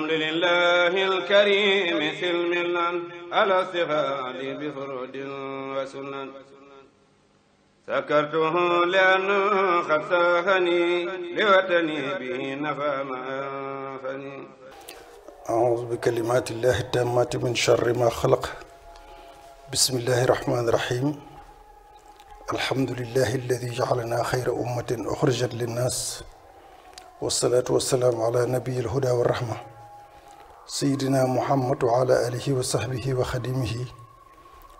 الحمد لله الكريم سلم لنا على استفاد بفرد وسنن سكرته لأنه قد ساخني لوطني به نفى ما أنفني أعوذ بكلمات الله التامات من شر ما خلق بسم الله الرحمن الرحيم الحمد لله الذي جعلنا خير أمة أخرجت للناس والصلاة والسلام على نبي الهدى والرحمة sayidina muhammad wa ala alihi wa sahbihi wa xadimihi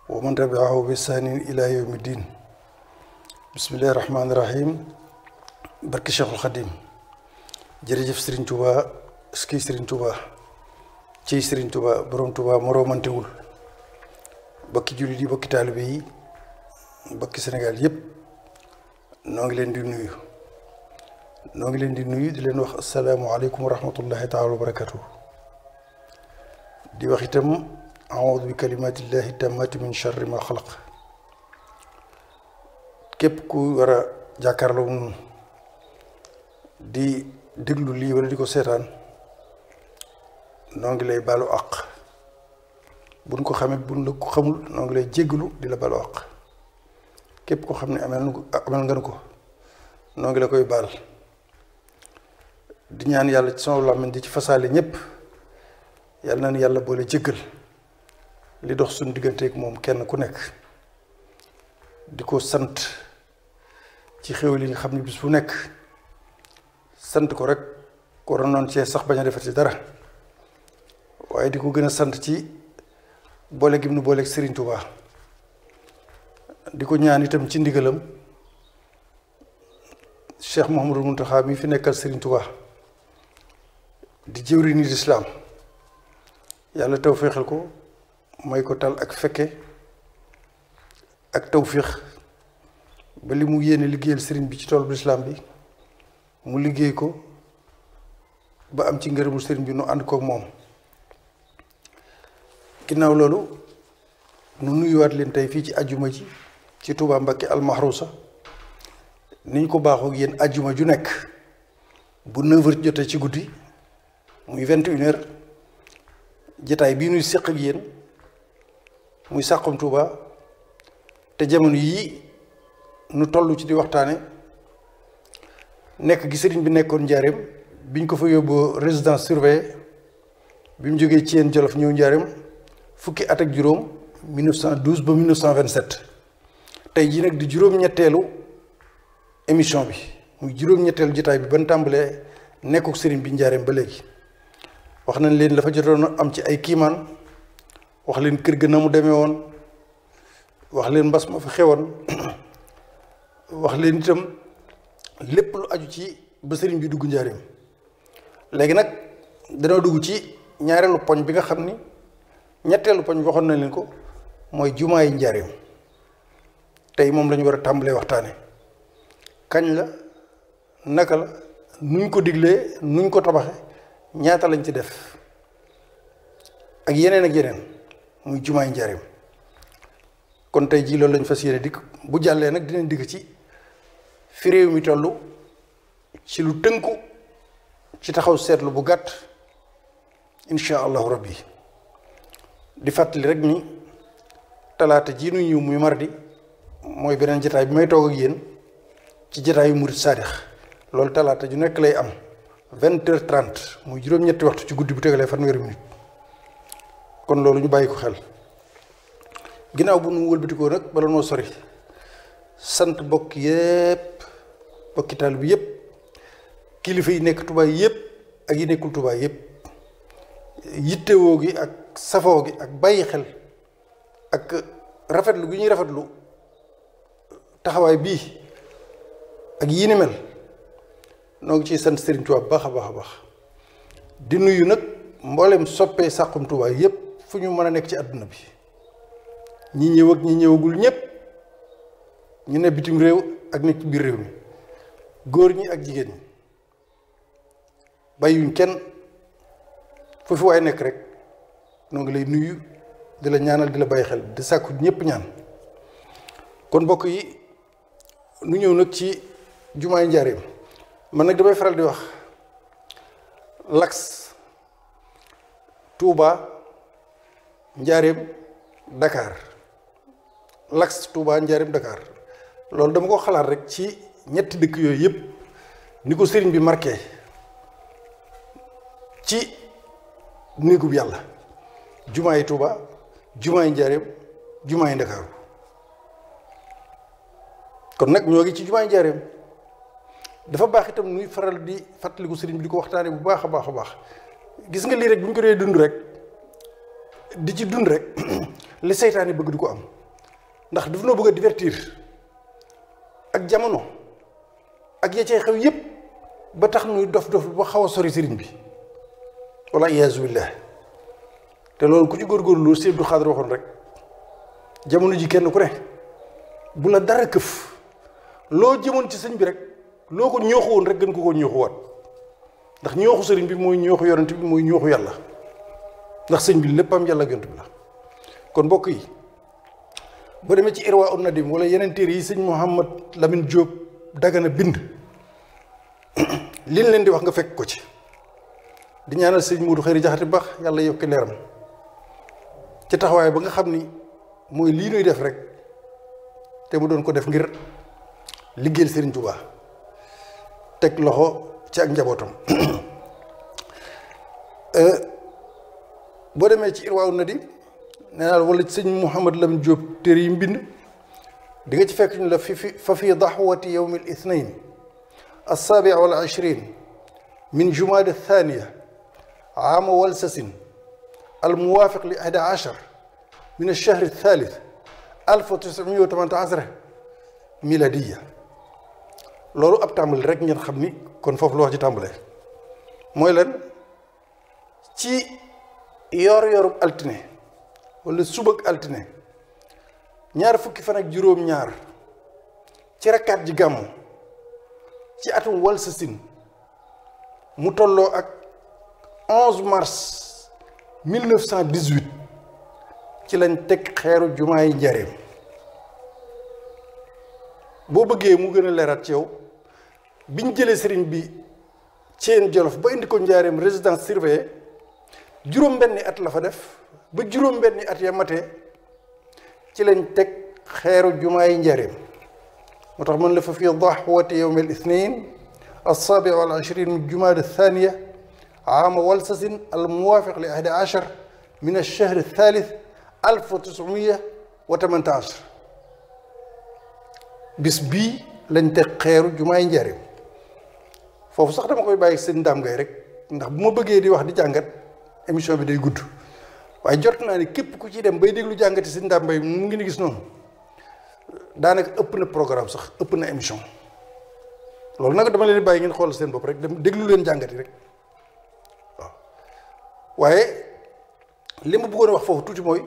wa man tabiahu bi saanin ila yowmi din bismillahi rahmaani rahim barki cheikhul xadim jërëjëf sëriñ tubaa ski sëriñ tubaa ciy sëriñ tubaa boroom tubaa moroomantewul bokki jullit yi bokki taalibe yi bokki sénégal yépp noo ngi leen di nuyu noo ngi leen di nuyu di leen wax asalaamualeykum wa rahmatullahi taala wa barakatuh di wax itam aoudu bi kalimatillahi tamati min charri ma képp ku war a jàkkaarloo nun di déglu lii wala di ko seetaan noo ngi lay baalu àq buñ ko xamee buñ la ko xamul noo lay jéggalu di la baalu àq képp ko xam ne amel amel nga ko noo la koy baal di ñaan yàlla ci sama làmmiñ di ci fasaale ñépp yal na nu yàlla boole jëggal li dox suñu digganteek moom kenn ku nekk di ko sant ci xéw li nga xam ne bis bu nekk sant ko rek ko ranoon cee sax bañ a defar ci dara waaye di ko gën a sant ci boole gi nu booleeg Serigne Touba di ko ñaan itam ci ndigalam Cheikh Mouhamadou Mountakha mi fi nekkal sëriñ Touba di jëwriñu lislaam yàlla tawféexal ko may ko tal ak fekke ak tawféex ba li mu yéene liggéeyal sëriñ bi ci tool bu lislaam bi mu liggéey ko ba am ci ngërëmu sëriñ bi nu ànd kook moom ginnaaw loolu nu nuyuwaat leen tey fii ci ajuma ji ci Touba Mbacké almahrusa niñ ko baaxoo yéen ajuma ju nekk bu 9h jotee ci guddi muy 21h jataay bii nuy séq ak yéen muy Saxum Touba te jamono yii nu toll ci di waxtaane nekk gi sëriñ bi nekkoon njaareem biñ ko fa yóbboo résidence surveillée bi mu jógee ci yenn Jolof ñëw njaareem fukki at ak juróom 1912 ba 1927 tey jii nag di juróom-ñetteelu émission bi muy juróom-ñetteelu jataay bi ban tàmbalee nekkuk sëriñ bi njaareem ba léegi wax nañ leen dafa jotoon am ci ay kiimaan wax leen kër ga na mu demee woon wax leen mbas ma fi xewoon wax leen itam lépp lu aju ci ba sëriñ bi dugg njaarim léegi nag danoo dugg ci ñaareelu poñ bi nga xam ni ñetteelu poñ waxoon na leen ko mooy jumaa yi njaarim tey moom lañu war a tàmbalee waxtaane kañ la naka la nuñ ko diglee nuñ ko tabaxe ñaata lañ ci def ak yeneen ak yeneen muy jumaay njariñ kon tey jii loolu lañ fas yéene dikk bu jàllee nag dinañ digg ci fi réew mi tollu ci lu tënku ci taxaw seetlu bu gàtt incha allahu rabbi di fàttali rek ni talaata jii nu ñëw muy mardi mooy beneen jataay bi may toog ak yéen ci jataayu murit saadix loolu talaata ju nekk lay am vingt heures trente muy juróom-ñetti waxtu ci guddi bu tegalee fanweeri minute kon loolu ñu bàyyi ko xel ginnaaw bu nu wëlbatikoo nag bala noo sori sant bokk yépp bokki taal bi yépp kilifa yi nekk Tuubaa yépp ak yi nekkul Tuubaa yépp yittewoo gi ak safoo gi ak bàyyi xel ak rafetlu gi ñuy rafetlu taxawaay bii ak yi noo ngi ciy sant Serigne bu baax a baax a baax di nuyu nag mboolem soppee Saxum Touba yépp fu ñu mën a nekk ci àdduna bi ñi ñëw ak ñi ñëwagul ñépp ñu ne bitim réew ak nit ci biir réew mi góor ñi ak jigéen ñi bàyyuñ kenn fu fi nekk rek noo ngi lay nuyu di la ñaanal di la bàyyi xel di sàkku ñépp ñaan kon mbokk yi nu ñëw nag ci jumaay njaareem man nag damay faral di wax Lax tuuba Njaareem Dakar Lax Touba Njaareem Dakar loolu dama ko xalaat rek ci ñetti dëkk yooyu yëpp ni ko sëriñ bi marqué ci néegub yàlla jumaa yi Touba jumaa yi Njaareem jumaa yi Ndakaaru kon nag ñoo ngi ci jumaa yi Njaareem dafa baax itam nuy faral di fàttaliku sëriñ bi di ko waxtaanee bu baax a baax a baax gis nga lii rek bu ñu ko dee dund rek di ci dund rek li seytaane bëgg di ko am ndax dafa noo bëgg a divertir ak jamono ak ya cay ba tax nuy dof dof ba xaw a sori bi walla iyaazu billaah te loolu ku ci góorgóorlu loolu Sëriñ Abdu Xaadir waxoon rek jamono ji kenn ku rek bu la dara këf loo jëmoon ci sëñ bi rek loo ko ñooxu woon rek gën ko ko ñooxu waat ndax ñooxu sëriñ bi mooy ñooxu yonent bi mooy ñooxu yàlla ndax sëñ bi léppam yàlla yonent bi la kon mbokk yi boo demee ci irwa un nadim wala yeneen téere yi sëñ Mouhamad Lamine Diop Dagana bind liñ leen di wax nga fekk ko ci di ñaanal sëñ Modou Xëri Jaxate baax yàlla yokki leeram ci taxawaay ba nga xam ni mooy lii nuy def rek te mu doon ko def ngir liggéeyal Sëriñ Tuubaa teg loxo ci ak njabootam euh, boo demee ci irwaaw na di nee naa wala sëñ Mouhamad Lam Diop téere yi di nga ci fekk la fi fi fa fi daxwati yowmi al ithnain alsaabi wal ashrin min jumaada thaniya aama walsasin al muwaafiq li ahda min alchahri althalith alfa miladiya loolu ab tàmbali rek ngeen xam ni kon foofu lu wax ji tàmbalee mooy lan ci yor-yorub altine walla subak altine ñaar fukki fan ak juróom-ñaar ci rakkaat ji gàmmu ci atum wal sa sin mu tolloo ak 11 mars 1918 ci lañ teg xeeru jumaa yi njareem boo bëggee mu gën a leeraat ci yow. bi ñu jëlee sëriñ bi ceen Jolof ba indi ko njaareem résidence surveillée juróom-benni at la fa def ba juróom-benni at ya matee ci lañ teg xeeru jumaayi njaareem moo tax mën la fa fii dahwati yowm al ithnain alsabi wal ashrin min jumaada thaniya aama walsasin al muwaafiq li min alchahr althalith alf tisumiya bis bii lañ teg xeeru jumaayi njaareem foofu sax dama koy bàyyi seen ndam Gueye rek ndax bu ma bëggee di wax di jàngat émission bi day gudd waaye jot naa ne képp ku ci dem bay déglu jàngati si Dame Gueye mu ngi ni gis noonu daanaka ëpp na programme sax ëpp na émission loolu nag dama leen bàyyi ngeen xool seen bopp rek dem déglu leen jàngati rek waaw waaye li ma bëggoon wax foofu tuuti mooy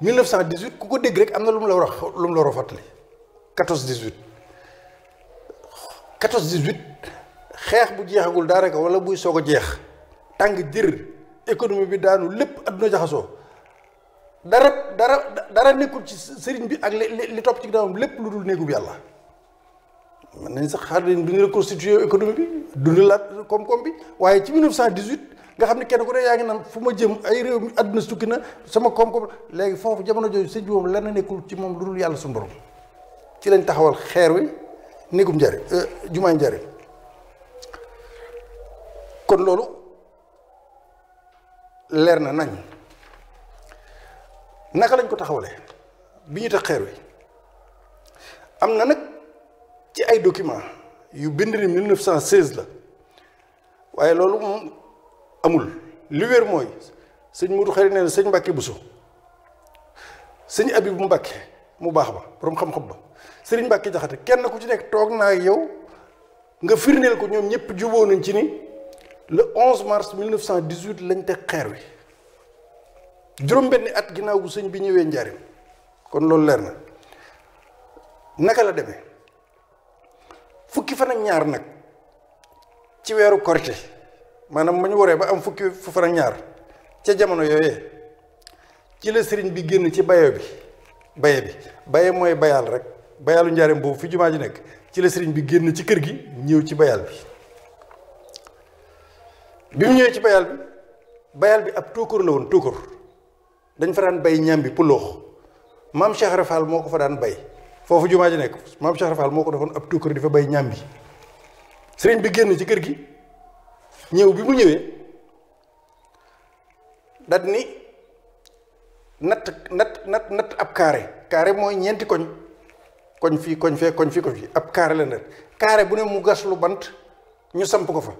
1918 ku ko dégg rek am na lu mu la war a lu mu la war xeex bu jeexagul daanaka wala buy soog a jeex tàng jër économie bi daanu lépp adduna jaxasoo dara dara dara nekkul ci sëriñ bi ak li li topp ci ginnaawam lépp lu dul néegub yàlla mën nañ sax xaar duñu reconstituer économie bi dundalaat koom-koom bi waaye ci 1918 nga xam ne kenn ku ne yaa ngi naan fu ma jëm ay réew mi àdduna sukki na sama koom-koom léegi foofu jamono jooju sëñ bi moom lan la nekkul ci moom lu dul yàlla suñu lañ taxawal xeer wi néegum njariñ euh, jumaay njariñ kon loolu leer na nañ naka lañ ko taxawle bi ñu tax xeer wi am na nag ci ay document yu bind ni 1916 la waaye loolu moom amul li wér mooy sëñ Modou Khary nee na sëñ Mbàkke Buso sëñ Abibu Mbàkke mu baax ba borom xam-xam ba sëriñ Mbàkke Jaxate kenn ku ci nekk toog naa yow nga firndeel ko ñoom ñëpp juboo nañ ci ni le 11 mars 1918 lañ teg xeer wi juróom-benni at ginnaaw bu sëñ bi ñëwee njariñ kon loolu leer na naka la demee fukki fan ak ñaar nag ci weeru korité maanaam ma ñu waree ba am fukki fan ak ñaar ca jamono yooyee ci la sëriñ bi génn ci bayo bi baye bi baye mooy bayal rek bayalu njaareem boobu fi jumaa ji nekk ci la sëriñ bi génn ci kër gi ñëw ci bayal bi bi mu ñëwee ci bayal bi bayal bi ab tuukur la woon tuukur dañ fa daan bay ñambi puloox maam Cheikh Rafal moo ko fa daan bay foofu jumaa ji nekk maam Cheikh Rafal moo ko defoon ab tuukur di fa bay ñambi sëriñ bi génn ci kër gi ñëw bi mu ñëwee dat ni natt natt natt natt ab carré carré mooy ñeenti koñ koñ fii koñ fee koñ fii ko fii ab carré la nag carré bu ne mu gas lu bant ñu samp ko fa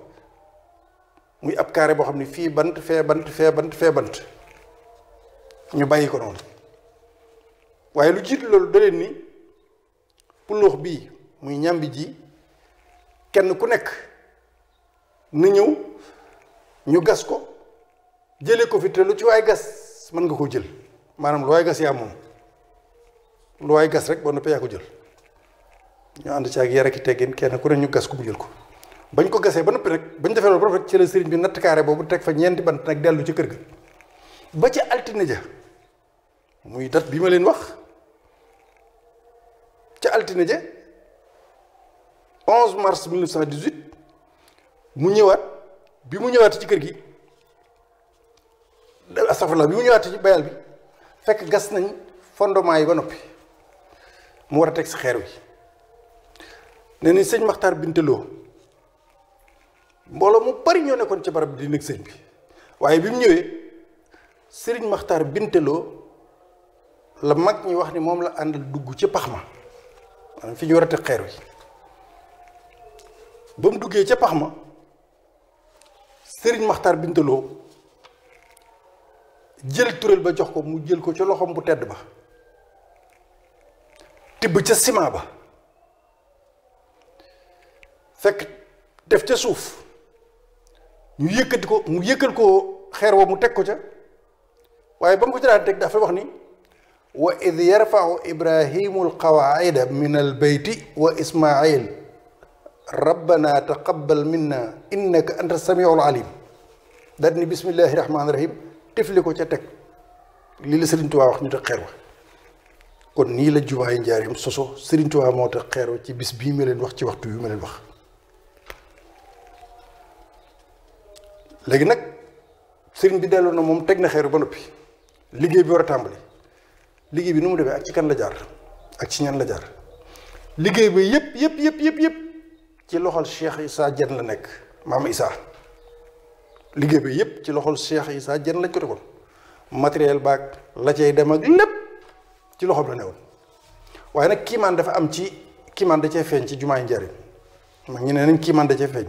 muy ab carré boo xam ne fii bant fee bant fee bant fee bant ñu bàyyi ko noonu waaye lu jiitu loolu da leen ni puloox bii muy ñàmbi ji kenn ku nekk na ñëw ñu gas ko jële ko fi te lu ci waay gas mën nga koo jël maanaam lu waay gas yaa moom lu waay gas rek ba noppi yaa ko jël ñu ànd ci ak yar ak teggin kenn ku ne ñu gas ko bu jël ko bañ ko gasee ba noppi rek bañ defee loolu ba noppi rek ci la sëriñ bi natt carré boobu teg fa ñeenti bant nag dellu ci kër ga ba ci altine ja muy dat bi ma leen wax ca altine ja 11 mars 1918 mu ñëwaat bi mu ñëwaat ci kër gi astafurlah bi mu ñëwaat ci bayal bi fekk gas nañ fondement yi ba noppi mu war a teg si xeer bi ne ni sëñ Maxtaar Binteloo mbooloo mu bari ñoo nekkoon ci barab di nekk sëñ bi waaye bi mu ñëwee sëriñ maxtar Binteloo la mag ñi wax ni moom la àndal dugg ci pax ma maanaam fi ñu war a teg xeer wi ba mu duggee ca pax ma sëriñ maxtar Binteloo jël turéel ba jox ko mu jël ko ca loxoom bu tedd ba tibb ca ciment ba fekk def ca suuf ñu yëkkati ko mu yëkkal ko xeer woo mu teg ko ca waaye ba mu ko ci daan teg dafa wax ni wa id yarfau ibrahimu alqawaida min albeyti wa ismail rabbana taqabal minna innaka anta samiu alalim daal ni bismillahi rahmaani rahim tefli ko ca teg lii la Sëriñ wax ñu teg xeer wa kon nii la jumaa yi njaarim soso Sëriñ Tuubaa moo tax xeroo ci bis bii ma leen wax ci waxtu yu ma leen wax léegi nag sëriñ bi delloo na moom teg na xeeru ba noppi liggéey bi war a tàmbali liggéey bi nu mu demee ak ci kan la jaar ak ci ñan la jaar liggéey bi yëpp yëpp yëpp yëpp yëpp ci loxol Cheikh yi Diène la nekk maam Issa liggéey bi yëpp ci loxol Cheikh Issa Diène lañ ko tegoon matériel baag la cay dem ak lépp ci loxoom la newoon waaye nag kiimaan dafa am ci kiimaan da cee feeñ ci jumaay njariñ mag ñu ne nañ kiimaan da cee feeñ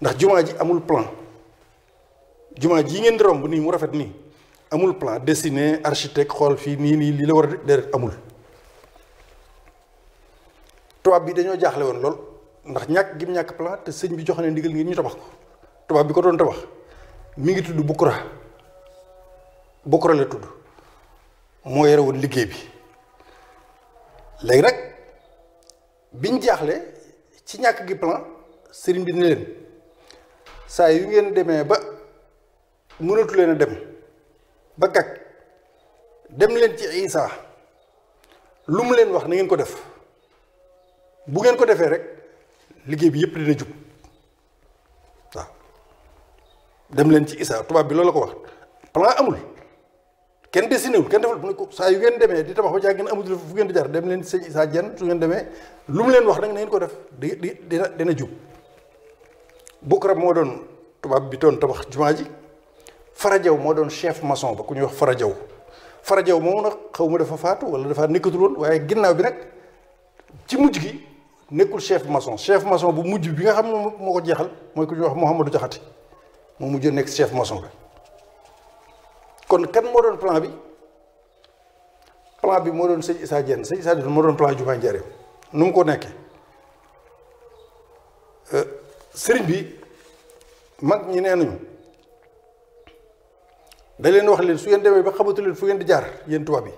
ndax jumaa ji amul plan jumaa jii ngeen di romb nii mu rafet nii amul plan dessiné architecte xool fii nii nii lii la war a déedéet amul tubaab bi dañoo jaaxle woon lool ndax ñàkk gi mu ñàkk plan te sëñ bi jox na ndigal ngir ñu tabax ko tubaab bi ko doon tabax mi ngi tudd Bukura Bukura la tudd moo yore woon liggéey bi léegi nag biñ jaaxle ci ñàkk gi plan sëriñ bi ne leen saa yu ngeen demee ba. mënatu leen a dem ba gag dem leen ci Isa lu mu leen wax na ngeen ko def bu ngeen ko defee rek liggéey bi yépp dina jub waaw dem leen ci Isa tubaab bi loolu la ko wax plan amul kenn dessiné wul kenn deful mu ne ko saa yu ngeen demee di tabax ba caa ngeen amul fu ngeen di jar dem leen ci sëñ Isa Dieng su ngeen demee lu mu leen wax nag na ko def di di dina dina jub Boukrab moo doon tubaab bi doon tabax jumaa ji farajaw moo doon chef mason ba ku ñuy wax farajaw farajaw moom nag xaw ma dafa faatu wala dafa nekkatul woon waaye ginnaaw bi nag ci mujj gi nekkul chef mason chef mason bu mujj bi nga xam ne moo ko jeexal mooy ku ñuy wax Mouhamadou Diakhaté moo mujj nekk chef maçon bi kon kan moo doon plan bi plan bi moo doon sëñ Issa sëñ Issa Diène moo doon plan jumaa Njaaréem nu mu ko nekkee euh, sëriñ bi mag ñi nee nañu da leen wax leen su ngeen demee ba xamatu fu ngeen di jaar yéen tubaab bi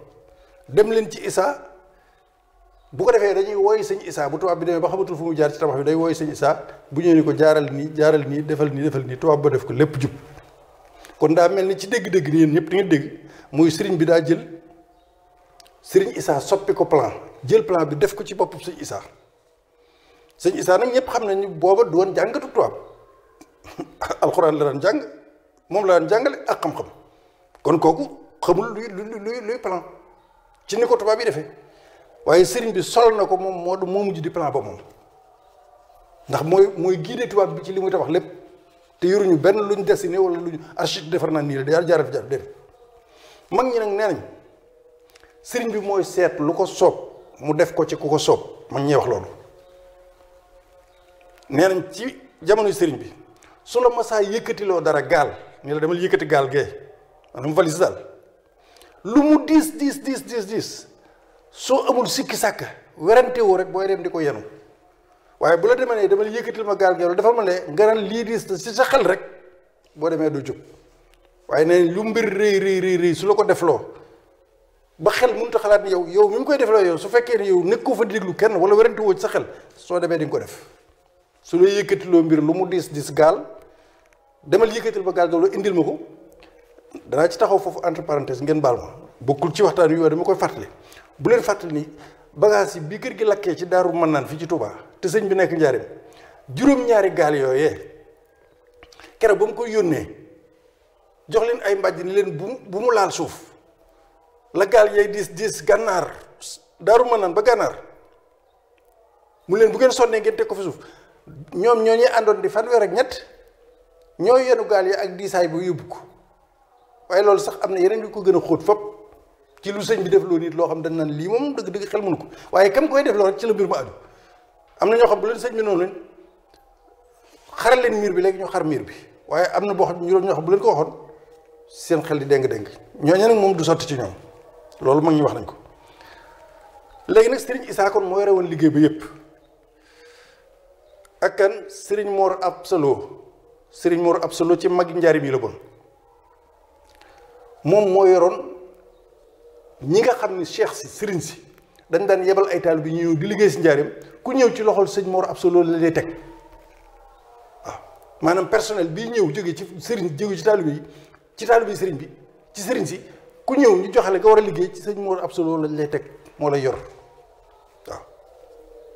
dem leen ci issa bu ko defee dañuy wooy sëñ issa bu tubaab bi demee ba xamatul fu jaar ci tabax bi day wooy sañ isaa bu ñëwee ni ko jaaral nii jaaral nii defal nii defal nii tubaab ba def ko lépp jub kon daa mel ni ci dégg-dégg ni ñëpp di nga dégg muy sëriñ bi daa jël sëriñ isaa soppi ko plan jël plan bi def ko ci boppam sëñ isaa sëñ isaa nag ñëpp xam nañu booba du jàngatu tubaab alxuraan la daan jàng moom la daan jàngale ak xam-xam kon kooku xamul luy luy luy plan ci ni ko tubaab bi defee waaye sëriñ bi sol na ko moom moo moo mujj di plan moom ndax mooy mooy guidé bi ci li muy tabax lépp te yoruñu benn luñ dessiné wala luñ architecte defar naa nii la jaar jaaraf jaar def mag nee nañ sëriñ bi mooy seet lu ko soob mu def ko ci ku ko soob mag ñee nee nañ ci jamono sëriñ bi su la masaa yëkkatiloo dara gaal ni la demal yëkkati gaal gee maanaam valise daal lu mu diis diis diis diis soo amul sikki sàkk werante woo rek booy dem di ko yenu waaye bu la demee ne dama yëkkatil ma gaal dafa ma ne lii diis na sa xel rek boo demee du jóg waaye nee lu mbir rëy rëy su la ko defloo ba xel mënut a xalaat yow yow mi koy defloo yow su fekkee ne yow nekkoo fa déglu kenn wala werante woo sa xel soo demee di ko def su la yëkkatiloo mbir lu mu diis diis gaal demal yëkkatil ma gaal ngeen indil ma ko. danaa ci taxaw foofu entre parenthèse ngeen baal ma bokkul ci waxtaan wi waaye dama koy fàttali bu leen fàttali ni yi bii kër gi lakkee ci daaru mën naan fii ci Touba te sëñ bi nekk njaarim juróom-ñaari gaal yooyee keroog ba mu koy yónnee jox leen ay mbàjj ni leen bu bu mu laal suuf la gaal yay diis diis gànnaar daaru mën naan ba gànnaar mu leen bu ngeen sonnee ngeen teg ko fa suuf ñoom ñoo ñuy àndoon di fan ak ñett ñoo yenu gaal yi ak diisaay ba yóbbu ko waaye loolu sax am na yeneen yu ko gën a xóot fop ci lu sëñ bi def loo nit loo xam dañ naan lii moom dëgg dëgg xel mënu ko waaye kam koy def loo rek ci la mbir ma aju am na ñoo xam bu leen sëñ bi noonu leen xaral leen miir bi léegi ñu xar miir bi waaye am na boo xam ñoo xam bu leen ko waxoon seen xel di déng-déng ñooñu nag moom du sotti ci ñoom loolu mag ñi wax nañ ko léegi nag sëriñ Isaa kon moo yore woon liggéey bi yëpp ak kan sëriñ moor Absalo sëriñ ci mag njaarim yi la bon moom moo yoroon ñi nga xam ni cheikh si sëriñ si dañ daan yebal ay taal bi ñu ñëw di liggéey si njaareem ku ñëw ci loxol sëñ moo Absa loolu la lay teg waaw maanaam personnel bii ñëw jógee ci sëriñ jóge ci taalibe yi ci taalibe yi sëriñ bi ci sëriñ si ku ñëw ñu joxale nga war a liggéey ci sëñ Mor Absa loolu lañ lay teg moo lay yor waaw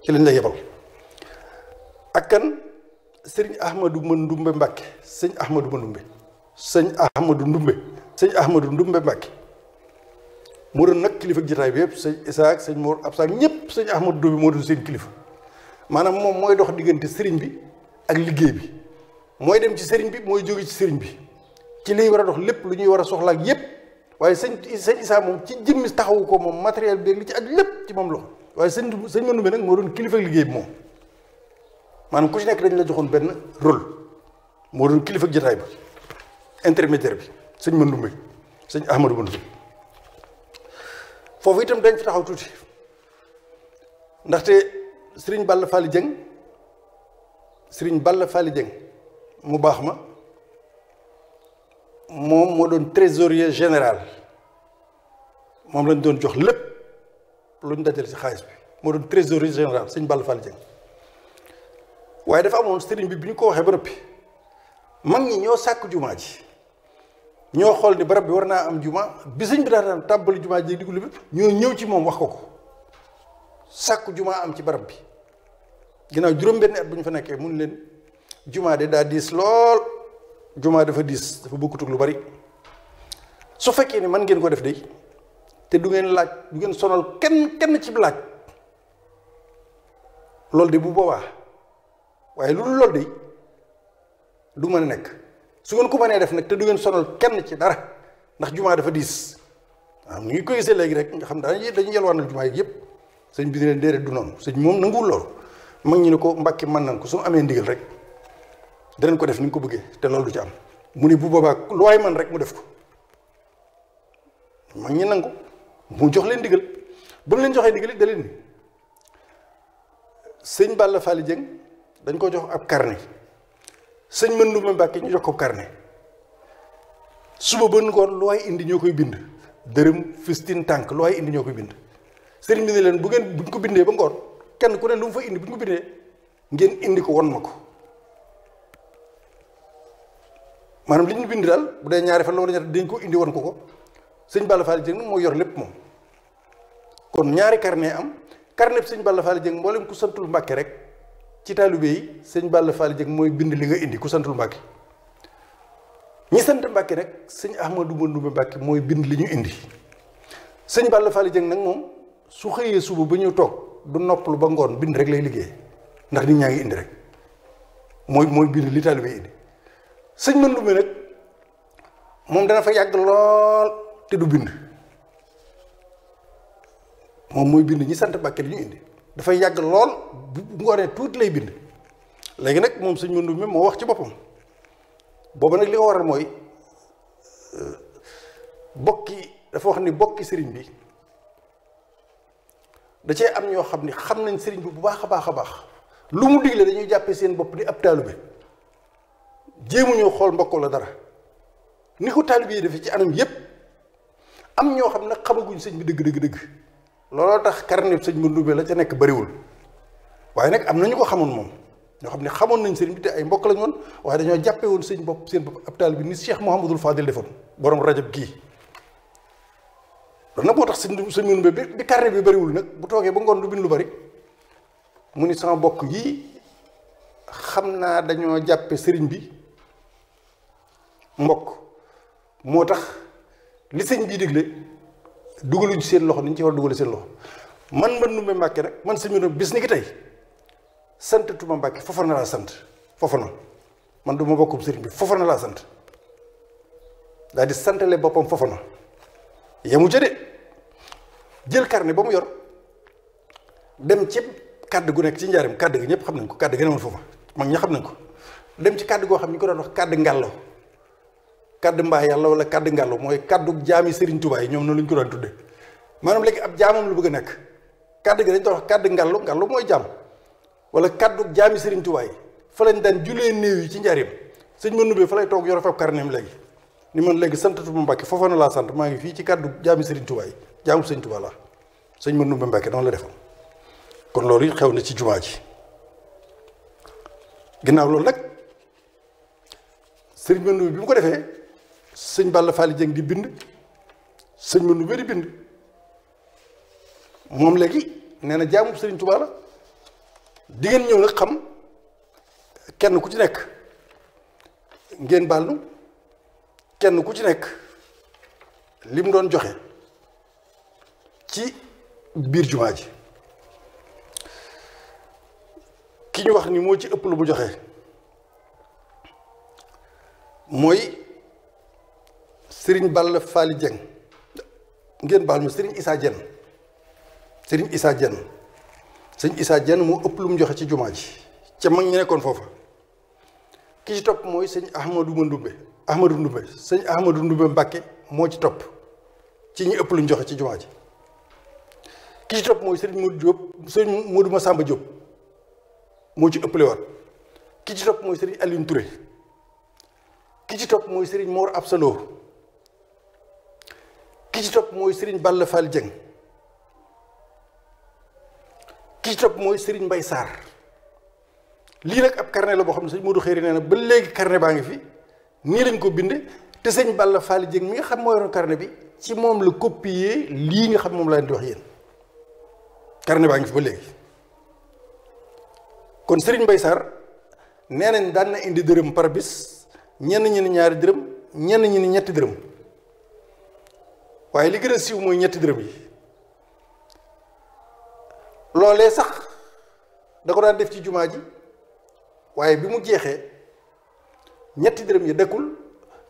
ci lañ la yebal ak kan sëriñ Ahmadou Mandumbe Mbàkke sëñ Ahmadou Mandumbe sëñ Ahmadou Ndumbe sëñ Ahmadou Ndumbe Mbacke moo doon nag kilifa jataay bi yëpp sëñ Isaac sëñ Mor ab saak ñëpp sëñ Ahmadou Ndumbe moo doon seen kilifa maanaam moom mooy dox diggante sëriñ bi ak liggéey bi mooy dem ci sëriñ bi mooy jóge ci sëriñ bi ci liy war a dox lépp lu ñuy war a soxla yëpp waaye sëñ sëñ Isaa moom ci jëmmi taxawu ko moom matériel bi li ci aj lépp ci moom loxo waaye sëñ sëñ ma Ndumbe nag moo doon kilifa liggéey bi moom maanaam ku ci nekk dañ la joxoon benn rôle moo doon kilifa jataay ba intermédiaire bi sëñ Mandoumbe sëñ Ahmadou Mandoumbe foofu itam dañ fi taxaw tuuti ndaxte sëriñ Balla Fally sëriñ Balla Fally mu baax ma moom moo doon trésorier général moom lañ doon jox lépp lu ñu dajale ci xaalis bi moo doon trésorier général sëñ Balla Fally Dieng waaye dafa amoon sëriñ bi bi ñu ko waxee ba noppi mag ñi ñoo sàkk jumaa ji ñoo xool ni barab bi war naa am juma bi sëñ bi daan tàbbali juma ji diggu bi ñoo ñëw ci moom wax ko ko sàkku juma am ci barab bi ginnaaw juróom-benn at bu ñu fa nekkee mun leen jumaa de daa diis lool jumaa dafa diis dafa bokkutug lu bari su fekkee ni man ngeen ko def de te du ngeen laaj du ngeen sonal kenn kenn ci laaj loolu de bu boobaa waaye lu dul loolu de du mën a nekk. su ngeen ko mënee def nag te du sonal kenn ci dara ndax jumaa dafa diis waaw mu ngi ko gisee léegi rek nga xam dañuy dañu yelwaanal jumaa yi yëpp sëñ bi di leen du noonu sëñ moom nanguwul loolu mag ñu ne ko mbakki mën nañ ko su amee ndigal rek danañ ko def ni nga ko bëggee te loolu du ci am mu ne bu boobaa lu waay man rek mu def ko mag ñi nangu mu jox leen digal ba mu leen joxee ndigal it da leen ni sëñ Balla Fally Dieng dañ ko jox ab carnet sëñ mën lu ma Mbàkke ñu jox ko carnet suba ba ngoon lu waay indi ñoo koy bind dërëm fistine tànk lu waay indi ñoo koy bind sëñ bi ne leen bu ngeen bu ñu ko bindee ba ngoon kenn ku ne lu mu fa indi bu ñu ko bindee ngeen indi ko won ma ko maanaam li ñu bind daal bu dee ñaari fan la wala ñett dañ ko indi won ko ko sëñ Balla Fall Dieng moo yor lépp moom kon ñaari carnet am carnet bi sëñ Balla Fall Dieng mboolem ko santul Mbàkke rek ci taalibe yi sëñ Balla Fall Dieng mooy bind li nga indi ku santul Mbàkke ñi sant Mbàkke nag sëñ du Mbandumbe Mbàkke mooy bind li ñu indi sëñ Balla Fall nag moom su xëyee suba ba ñu toog du noppalu ba ngoon bind rek lay liggéey ndax nit ñaa ngi indi rek mooy mooy bind li taalibe indi sëñ Mbandumbe nag moom dana fa yàgg lool te du bind moom mooy bind ñi sant Mbàkke li ñu indi. dafay yàgg lool bu ngoonee tuuti lay bind léegi nag moom sëñ Mandumbe moo wax ci boppam booba nag li ko waral mooy euh, bokki dafa wax ni bokki sëriñ bi da am ñoo xam ne xam nañ sëriñ bi bu baax a baax a baax lu mu digle dañuy jàppee seen bopp di ab taalibe jéemuñoo xool mbokk la dara ni ko taalibe yi dafay ci anam yépp am ñoo xam nag xamaguñ sëñ bi dëgg dëgg dëgg looloo tax carnet bi sëñ mu ndumbe la ca nekk bariwul waaye nag am nañu ko xamoon moom ñoo xam ne xamoon nañ sëriñ bi te ay mbokk lañ woon waaye dañoo jàppee woon sëñ seen bopp ab taal bi ni Cheikh Mouhamadul Fadil defoon borom rajab gii loolu nag moo tax sëñ sëñ mu ndumbe bi bi carnet bi bariwul nag bu toogee ba ngoon du bind lu bari mu xam naa dañoo jàppe sëriñ bi mbokk moo tax li sëñ bii digle dugaluñ seen loxo ni ñu ci war a dugal seen loxo man man Ndoumbé Mbacke nag man sëñ bi nag bis ni ki tey sant Tuma Mbacke foofa na laa sant foofa na man du ma bokkum sëriñ bi foofa sant daal di santale boppam foofa na yemu ca de jël carnet ba mu yor dem ci kàdd gu nekk ci njaarim kàdd gi ñëpp xam nañ ko kàdd gi ne woon foofa mag ña xam nañ ko dem ci kàdd goo xam ñu ko doon wax kàdd ngàllo kaddu mbaa yàlla wala kaddu ngàllu mooy kaddu jaami Serigne Touba yi ñoom noonu la ñu ko daan tudde maanaam ab jaamam lu bëgg a nekk kaddu gi dañ doon wax kaddu ngàllu ngàllu mooy jaam wala kaddu jaami Serigne Touba yi fa lañ daan julee néew yi ci njariñ sëñ ma nubee fa lay toog yor fab karneem léegi ni man léegi santatu ma Mbàkke foofa na laa sant maa ngi fii ci kaddu jaami Serigne Touba yi jaamu sëñ Touba la sëñ ma nubee Mbàkke noonu la defoon kon loolu it xew na ci jumaa ji ginnaaw loolu nag sëriñ ma nubee bi mu ko defee sëñ Balla Fally Dieng di bind sëñ Manu Wéri bind moom léegi nee na jaamu sëriñ Tuubaa la ñëw nag xam kenn ku ci nekk ngeen bàllu kenn ku ci nekk li mu doon joxe ci biir jumaa ji ki ñu wax ni moo ci ëpp lu mu joxe mooy Serigne Balla Fally Dieng ngeen baal ma Serigne Issa Dieng Serigne Issa Dieng sëñ Issa Dieng moo ëpp lu mu joxe ci jumaa ji ca mag ñi nekkoon foofa ki ci topp mooy sëñ Ahmadou Ndoumbe Ahmadou Ndoumbe sëñ Ahmadou Ndoumbe Mbàkke moo ci topp ci ñi ëpp lu joxe ci jumaa ji ki ci topp mooy Serigne Modou Diop Serigne Modou Massamba moo ci ëppale waat ki ci topp mooy sëriñ Alioune Touré ki ci topp mooy Serigne Mor Absalo ki mooy sëriñ Balla Fall Dieng ki ci mooy Serigne Mbaye Sarr lii nag ab karne la boo xam ne sëñ Modou Xëri nee na ba léegi carnet baa ngi fi nii lañ ko bind te sëñ Balla Fall Dieng mi nga xam moo yoroon carnet bi ci moom la copier lii nga xam moom laa di wax yéen karne baa ngi fi ba léegi kon sëriñ bay Sarr nee nañ daan na indi dërëm par bis ñenn ñi ni ñaari dërëm ñenn ñi ni ñetti dërëm. waaye li gën a siiw mooy ñetti dërëm yi loolee sax da ko daan def ci jumaa ji waaye bi mu jeexee ñetti dërëm yi dëkkul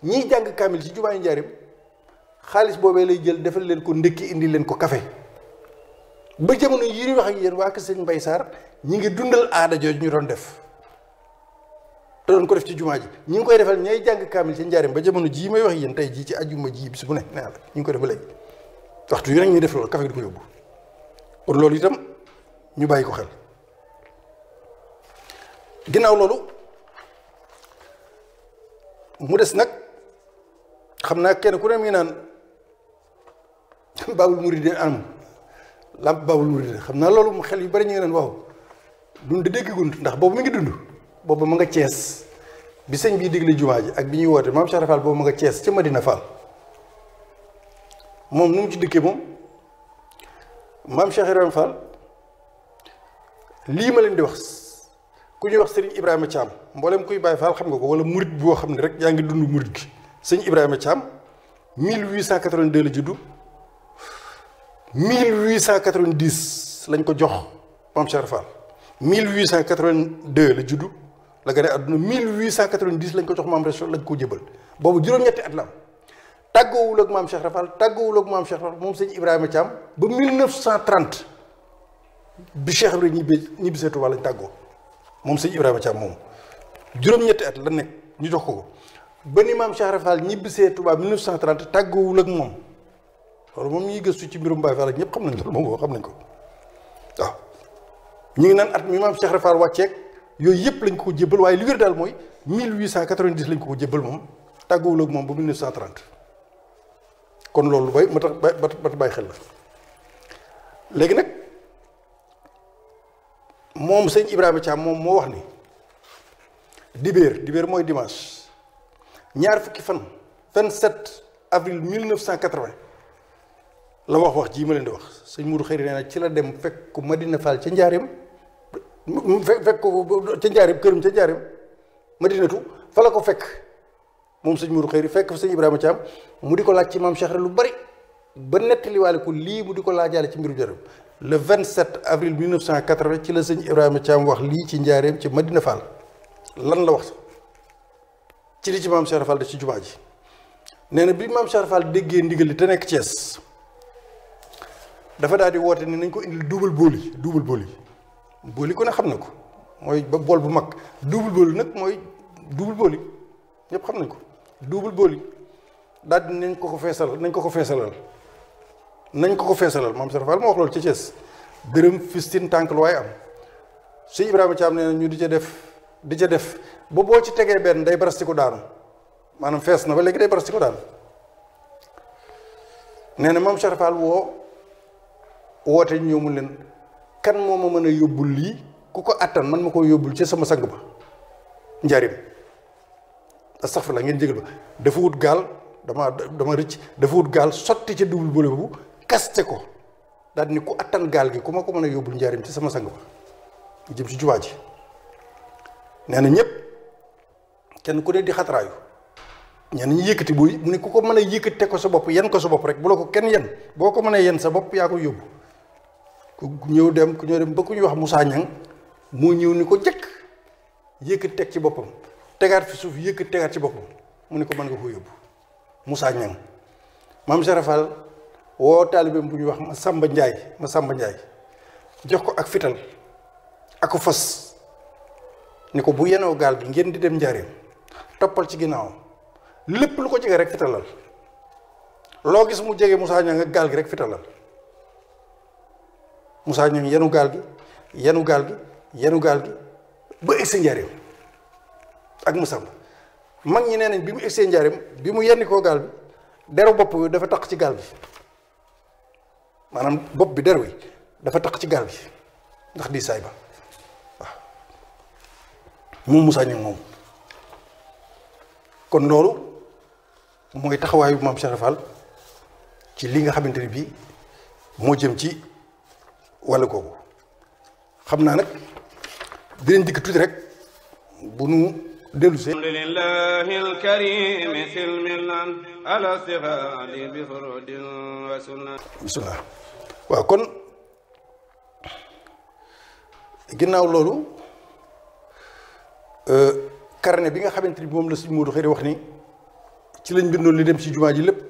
ñiy jàng kaamil ci jumaa yi njaarim xaalis boobee lay jël defal leen ko ndëkki indi leen ko kafe ba jamono yii wax ak yéen waa Sëñ Mbay Sarr ñi ngi dundal aada jooju ñu doon def te doon ko def ci jumaa ji ñi ngi koy defal ñay jàng kaamil ci njaarim ba jamono jii may wax yéen tey jii ci ajuma ji bis bu ne nee la ñu ngi ko def ba léegi waxtu yu nag ñuy def loolu kafe di ñu bàyyi ko xel ginnaaw loolu mu des nag xam naa kenn ku ne mi naan baabul muridin am làmp baabul muridin xam naa loolu mu xel yu bari ñu ngi naan waaw dund dégg gunt ndax boobu mi ngi dund boobu ma nga Cees bi sëñ bii digle jumaa ji ak bi ñuy woote maam Cheikh Fall boobu ma nga Cees ma Madina Fall moom nu mu ci dikkee moom maam Cheikh Ibrahima lii ma leen di wax ku ñuy wax sëriñ Ibrahima Thiam mboolem kuy Baay Fall xam nga ko wala murit boo xam ne rek yaa ngi dund murit gi sëñ Ibrahima Thiam 1882 la juddu 1890 lañ ko jox maam Cheikh Fall 1882 la juddu. la gane àdduna 1890 lañ ko jox maam Rasuul lañ ko jëbal boobu juróom-ñetti at la am tàggoowul ak maam Cheikh Rafal tàggoowul ak maam Cheikh Rafal moom sëñ Ibrahima Thiam ba 1930 bi Cheikh Ibrahima ñibbi ñibbi seetu lañ tàggoo moom sëñ Ibrahima Thiam moomu juróom-ñetti at la nekk ñu jox ko ko ba ni maam Cheikh Rafal ñibbi see Touba 1930 tàggoowul ak moom loolu moom ñuy gëstu ci mbirum Baye Fall ak ñëpp xam nañ loolu moom boo xam nañ ko waaw ñu ngi naan at mi maam Cheikh Rafal wàcceeg. yooyu yëpp lañ ko jébbal waaye li wér daal mooy 1890 lañ ko jébbal moom tàggoowul ak moom ba 1930 kon loolu bay ma tax ba bàyyi xel la léegi nag moom sëñ Ibrahima Thiam moom moo wax ni dibéer dibéer mooy dimanche ñaar fukki fan 27 avril 1980 la wax wax jii ma leen di wax sëñ Mourou Xëyri nee na ci la dem fekk ku dina faal ci njaarim mu fekk ko ca njaareem këram ca njaareem madinatu fa la ko fekk moom sëñ Mourou Khayri fekk fa sëñ Ibrahima Thiam mu di ko laaj ci maam Cheikh lu bari ba nettaliwaale ko lii mu di ko laajaale ci mbiru jërëm le 27 avril 1980 ci la sëñ Ibrahima Thiam wax lii ci njaareem ci Madina Fall lan la wax ci li ci maam Cheikh Fall de ci jumaa ji nee na bi maam Cheikh Fall déggee ndigal li te nekk Thiès dafa daal di woote ni nañ ko indil duubal booli duubal booli. booli ko ne xam na ko mooy ba bool bu mag double booli nag mooy double booli ñëpp xam nañ ko double booli daal di nañ ko ko feesalal nañ ko ko feesalal nañ ko ko feesalal maam Serap Fall moo wax loolu ci Thiès dërëm fistin tànk lu waaye am si Ibrahima Thiam nee na ñu di ca def di ca def ba boo ci tegee benn day ko daanu maanaam fees na ba léegi day barastiku daanu nee na maam Serap woo woote ñëw mu leen. kan moo ma mën a yóbbul lii ku ko attan man ma ko yóbbul ci sama sang ba njarim la ngeen jégal ba dafa wut gaal dama dama rëcc dafa wut gaal sotti ci dugub bële bu kaste ko daal ni ku attan gaal gi ku ma ko mën a yóbbul njarim ci sama sang ba ñu jëm ci jubaa ji nee na ñëpp kenn ku ne di xatraayu ñenn ñi yëkkati bu mu ku ko mën a yëkkate ko sa bopp yen ko sa bopp rek bu la ko kenn yen boo ko mën yenn sa bopp yaa koy yóbbu ku ñëw dem ku ñëw dem ba ku ñuy wax Moussa Niang moo ñëw ni ko jëkk yëkkat teg ci boppam tegaat fi suuf yëkkat tegaat ci boppam mu ne ko mën nga ko yóbbu Moussa Niang maam Serafal woo taalibeem bu wax ma Samba njaay ma Samba njaay jox ko ak fital ak fas ni ko bu yenoo gaal bi ngeen di dem njaareem toppal ci ginnaawam lépp lu ko jege rek fitalal loo gis mu jege musaa Niang ak gaal gi rek fitalal Moussa ñoom yenu gaal bi yenu gaal bi yenu gaal bi ba egsi njaareem ak Moussa mag ñi nee nañ bi mu egsee njaareem bi mu yenni koo gaal bi deru bopp dafa takk ci gaal bi maanaam bopp bi der wi dafa taq ci gaal bi ndax di saay ba waaw moom Moussa moom kon loolu mooy taxawaayu maam Cheikh Fall ci li nga xamante ne bii moo jëm ci wàll kooku xam naa nag dinañ dikk tuuti rek bu nu dellu see waaw kon ginnaaw loolu euh, carnet bi nga xamante ni moom la sëñ Modou xëy wax ni ci lañ bindoon li dem ci jumaa ji lépp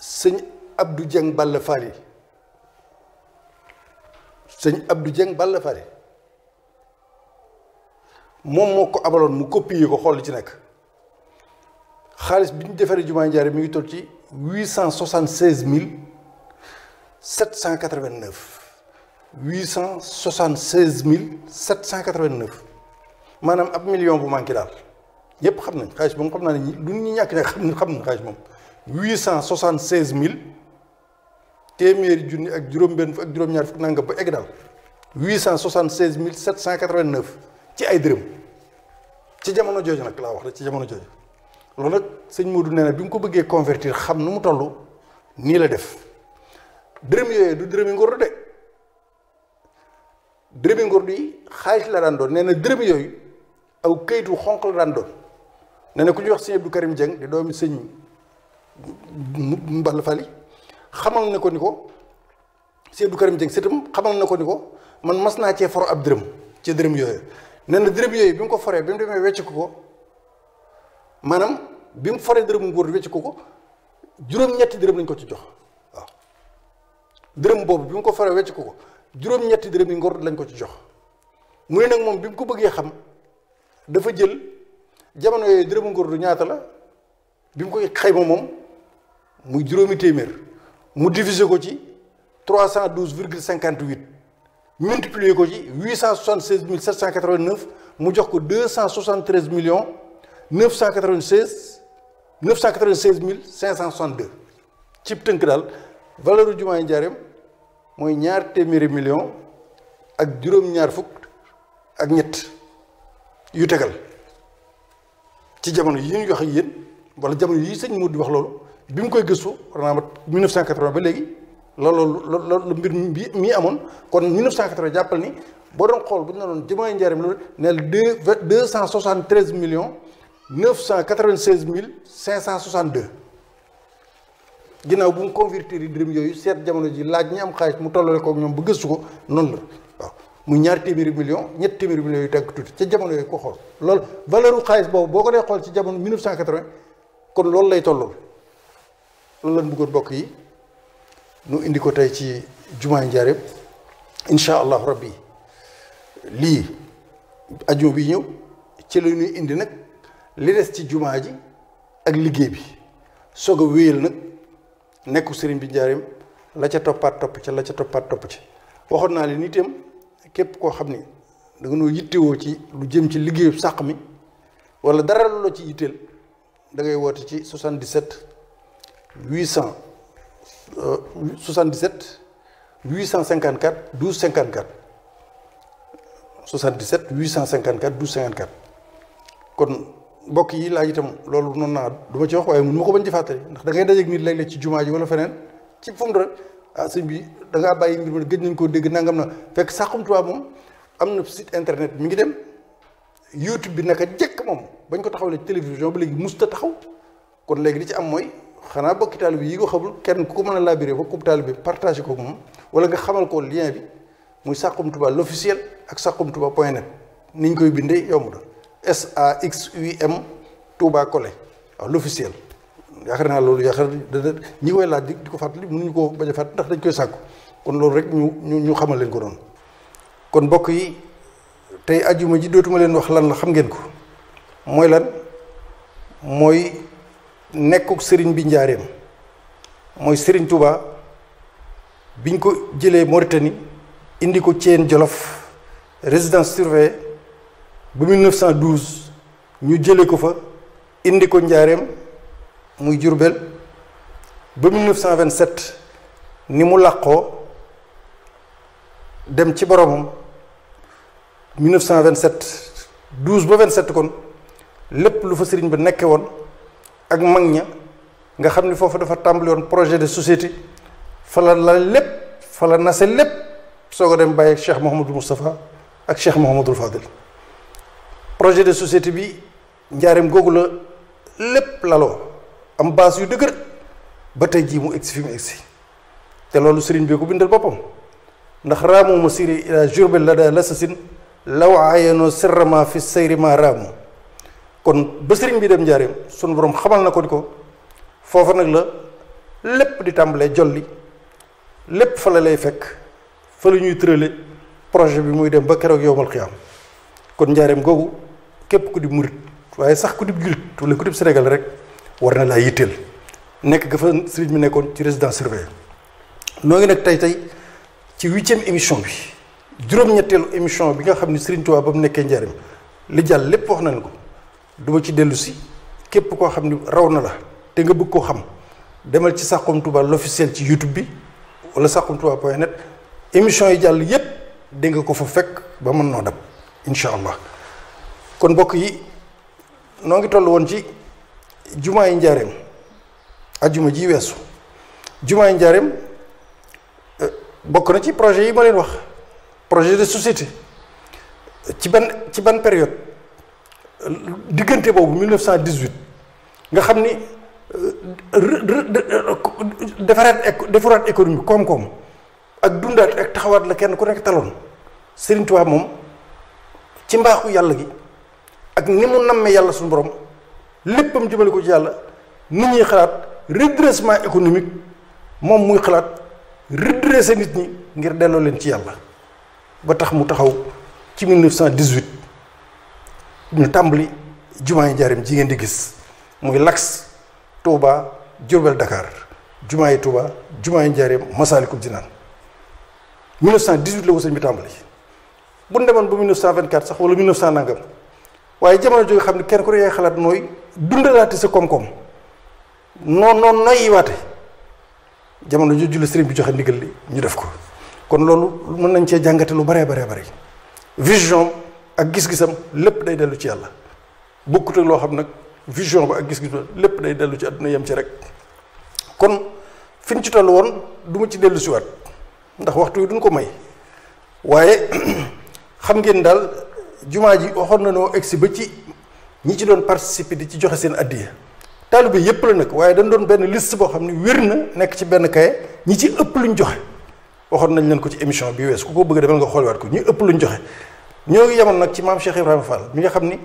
sëñ Abdou Dieng Balla Fally sëñ Abdou Dieng Balla Fare moom moo ko abaloon mu copier ko xool ci nekk xaalis bi ñu defaree jumaa njaare mi ngi toll ci huit cent soixante seize mille sept cent quatre vingt neuf huit cent soixante seize mille sept cent quatre vingt neuf maanaam ab million bu manqué daal ñëpp xam nañ xaalis moom xam naa ne du ñu ñàkk ñàkk xam na xaalis moom huit cent soixante seize mille téeméeri junni ak juróom-benn ak juróom-ñaar fukk nangam ba egg daal mille sept cent quatre ci ay dërëm ci jamono jooju nag laa wax rek ci jamono jooju loolu nag sëñ Modou nee na bi mu ko bëggee convertir xam nu mu tollu nii la def dërëm yooyu du dërëmi ngordu de dërëmi ngordu yi xaalis la daan doon nee na dërëm yooyu aw kayitu xonq la daan doon nee ku ñuy wax sëñ Abdou Karim Dieng di doomi sëñ Mballa Fally xamal ne ko ni ko si karam Karim Dieng sëtam xamal na ko ni ko man mas naa cee foro ab dërëm cee dërëm yooyu nee na dërëm yooyu bi mu ko foree bi mu demee wecc ko ko maanaam bi mu foree dërëm nguur wecc ko ko juróom-ñetti dërëm lañ ko ci jox waaw dërëm boobu bi mu ko foree wecc ko ko juróom-ñetti dërëm yi ngor lañ ko ci jox muy nag moom bi mu ko bëggee xam dafa jël jamono yooyu dërëmu ngor du ñaata la bi mu koy xayma moom muy juróomi téeméer. mu diviser ko ci trois cent douze virgule cinquante huit multiplier ko ci huit cent soixante mille sept cent quatre mu jox ko deux cent soixante treize millions neuf cent quatre mille cinq cent soixante deux cib tënk daal valeur u jumaa yi Njaaréem mooy ñaar téeméeri million ak juróom-ñaar fukk ak ñett yu tegal ci jamono yi ñu wax ak yéen wala jamono yi sëñ mu di wax loolu. bi mu koy gëstu war naa mat 1980 ba léegi lool loolu mbir mi mii amoon kon 1980 jàppal ni boo doon xool bu ñu la doon jëmale njëriñ loolu ne deux deux cent soixante treize millions neuf mille cinq cent soixante ginnaaw bu mu convertir yi yooyu seet jamono ji laaj ñi am xaalis mu tollale ko ñoom ba gëstu ko noonu la waaw muy ñaar téeméeri millions ñett téeméeri millions yu teg tuuti ca jamono yooyu ko xool loolu valeur u xaalis boobu boo ko dee xool ci jamono 1980 kon loolu lay tollool loolu lan bëggoon bokk yi nu indi ko tey ci jumaa njaareem incha allahu rabbi lii ajuma bi ñëw ci la ñuy indi nag li des ci jumaa ji ak liggéey bi soog a wéyal nag nekku seriñ bi njaareem la ca toppaat topp ca la ca toppaat topp ci waxoon naa leen itam képp koo xam ni da nga noo yittewoo ci lu jëm ci liggéeyu sàq mi wala dara la ci yitteel da ngay woote ci 77 877 854 12 54 77 854 12 54 kon mbokk yi laaj itam loolu noon naa du ma ci wax waaye mun ma ko bañ ci fàttali ndax da ngay dajeeg nit léeg-léeg ci jumaa ji wala feneen ci fu mu doon ah sëñ bi da ngaa bàyyi mbir ma gëj nañ koo dégg nangam na fekk Saxum Touba moom am na site internet mi ngi dem YouTube bi naka jekk moom bañ ko taxaw la télévision ba léegi musta taxaw kon léegi li ci am mooy. xanaa bokki taalibe yi ko xamul kenn ku ko mën a laa labiré ba kub taalibe partagé ko moom wala nga xamal ko lien bi muy Saxum Touba l'officiel ak Saxum Touba point net ni ñu koy bindee yomb na S A X U M Touba naa loolu yaakaar dana ñi koy laaj di ko fàttali mënuñu koo bañ a fàttali ndax dañ koy sàkku kon loolu rek ñu ñu ñu xamal leen ko doon kon bokk yi tey ajuma ji dootuma leen wax lan la xam ngeen ko mooy lan mooy. nekkuk sëriñ bi njaareem mooy sëriñ Touba biñ ko jëlee Mauritanie indi ko Thiène Jolof résidence surveillée ba 1912 ñu jëlee ko fa indi ko njaareem muy Jurbel ba 1927 ni mu làqoo dem ci boromam 1927 12 ba 27 kon lépp lu fa sëriñ ba nekkee woon ak mag ña nga xam ni foofu dafa tàmbali woon projet de société fala la lépp fala nase lépp soo ko dem bàyyi Cheikh Mouhamadul Moustapha ak Cheikh Mouhamadul Fadil projet de société bi njaareem googu la lépp laloo am base yu dëgër ba tey jii mu egsi fi mu egsi te loolu sëriñ bi ku bindal boppam ndax raamu ma siri ila Jurbel la daa lasasin law aayanoo sirrama fi sayri ma raamu kon ba sëriñ bi dem njaareem sunu boroom xamal na ko ni ko foofa nag la lépp di tàmbalee jolli lépp fa la lay fekk fa la ñuy tërale projet bi muy dem ba keroog yowmal xiyaam kon njaareem googu képp ku di murit waaye sax ku di jullit wala ku Sénégal rek war na laa yitteel nekk ga fa sëriñ bi nekkoon ci résidence surveillée noo ngi nag tey tey ci huitième émission bi juróom-ñetteelu émission bi nga xam ne sëriñ Tuubaa ba mu nekkee njaareem li jàll lépp wax nañ ko. duma ci dellusi képp koo xam ni raw na la te nga bëgg koo xam demal ci Saxum Touba l'officiel ci YouTube bi wala Saxum Touba point net émission yi jàll yépp di nga ko fa fekk ba mën noo dab incha allah kon mbokk yi noo ngi toll woon ci jumaa yi njaareem ajjuma ji weesu jumaa yi njaareem euh, bokk na ci projet yi ma leen wax projet de société ci ban ci ban période diggante boobu 1918 nga xam ni euh, defaraat euh, defaraat économie koom ak dundaat ak taxawaat la kenn ku nekk taloon Serigne Touba moom ci mbaaxu yàlla gi ak ni mu nammee yàlla suñu borom léppam jëmale ko ci yàlla nit ñuy xalaat redressement économique moom muy xalaat redresser nit ñi ngir delloo leen ci yàlla ba tax mu taxaw ci 1918. tàmbali jumaa yi njaareem ji ngeen di gis muy lax Touba Diourbel Dakar jumaa yi Touba jumaa yi njaareem Masaalikul Jinaan 1918 la ko sëñ bi tàmbali bu ñu bu ba 1924 sax wala 1900 nangam waaye jamono jooju xam ne kenn ku ne yaay xalaat mooy dundalaate sa koom-koom noon noon noyyi waate jamono jooju la sëriñ bi joxe ndigal li ñu def ko kon loolu mën nañ cee jàngate lu baree baree bari vision ak gis-gisam lépp day dellu ci yàlla bokkut loo xam nag vision ba ak gis-gis lépp day dellu ci àdduna yem ci rek kon fi ñu ci toll woon duma ci dellu siwaat ndax waxtu yi duñ ko may waaye xam ngeen daal jumaa ji waxoon na noo egsi ba ci ñi ci doon participer di ci joxe seen addiya taalibe yëpp la nag waaye dañ doon benn list boo xam ne wér na nekk ci benn kaye ñi ci ëpp luñ joxe waxoon nañ leen ko ci émission bi wees ku ko bëgg a demal nga xooliwaat ko ñi ëpp luñ joxe ñoo ngi jamono nag ci maam Cheikh Ibrahima Fall mi nga xam ni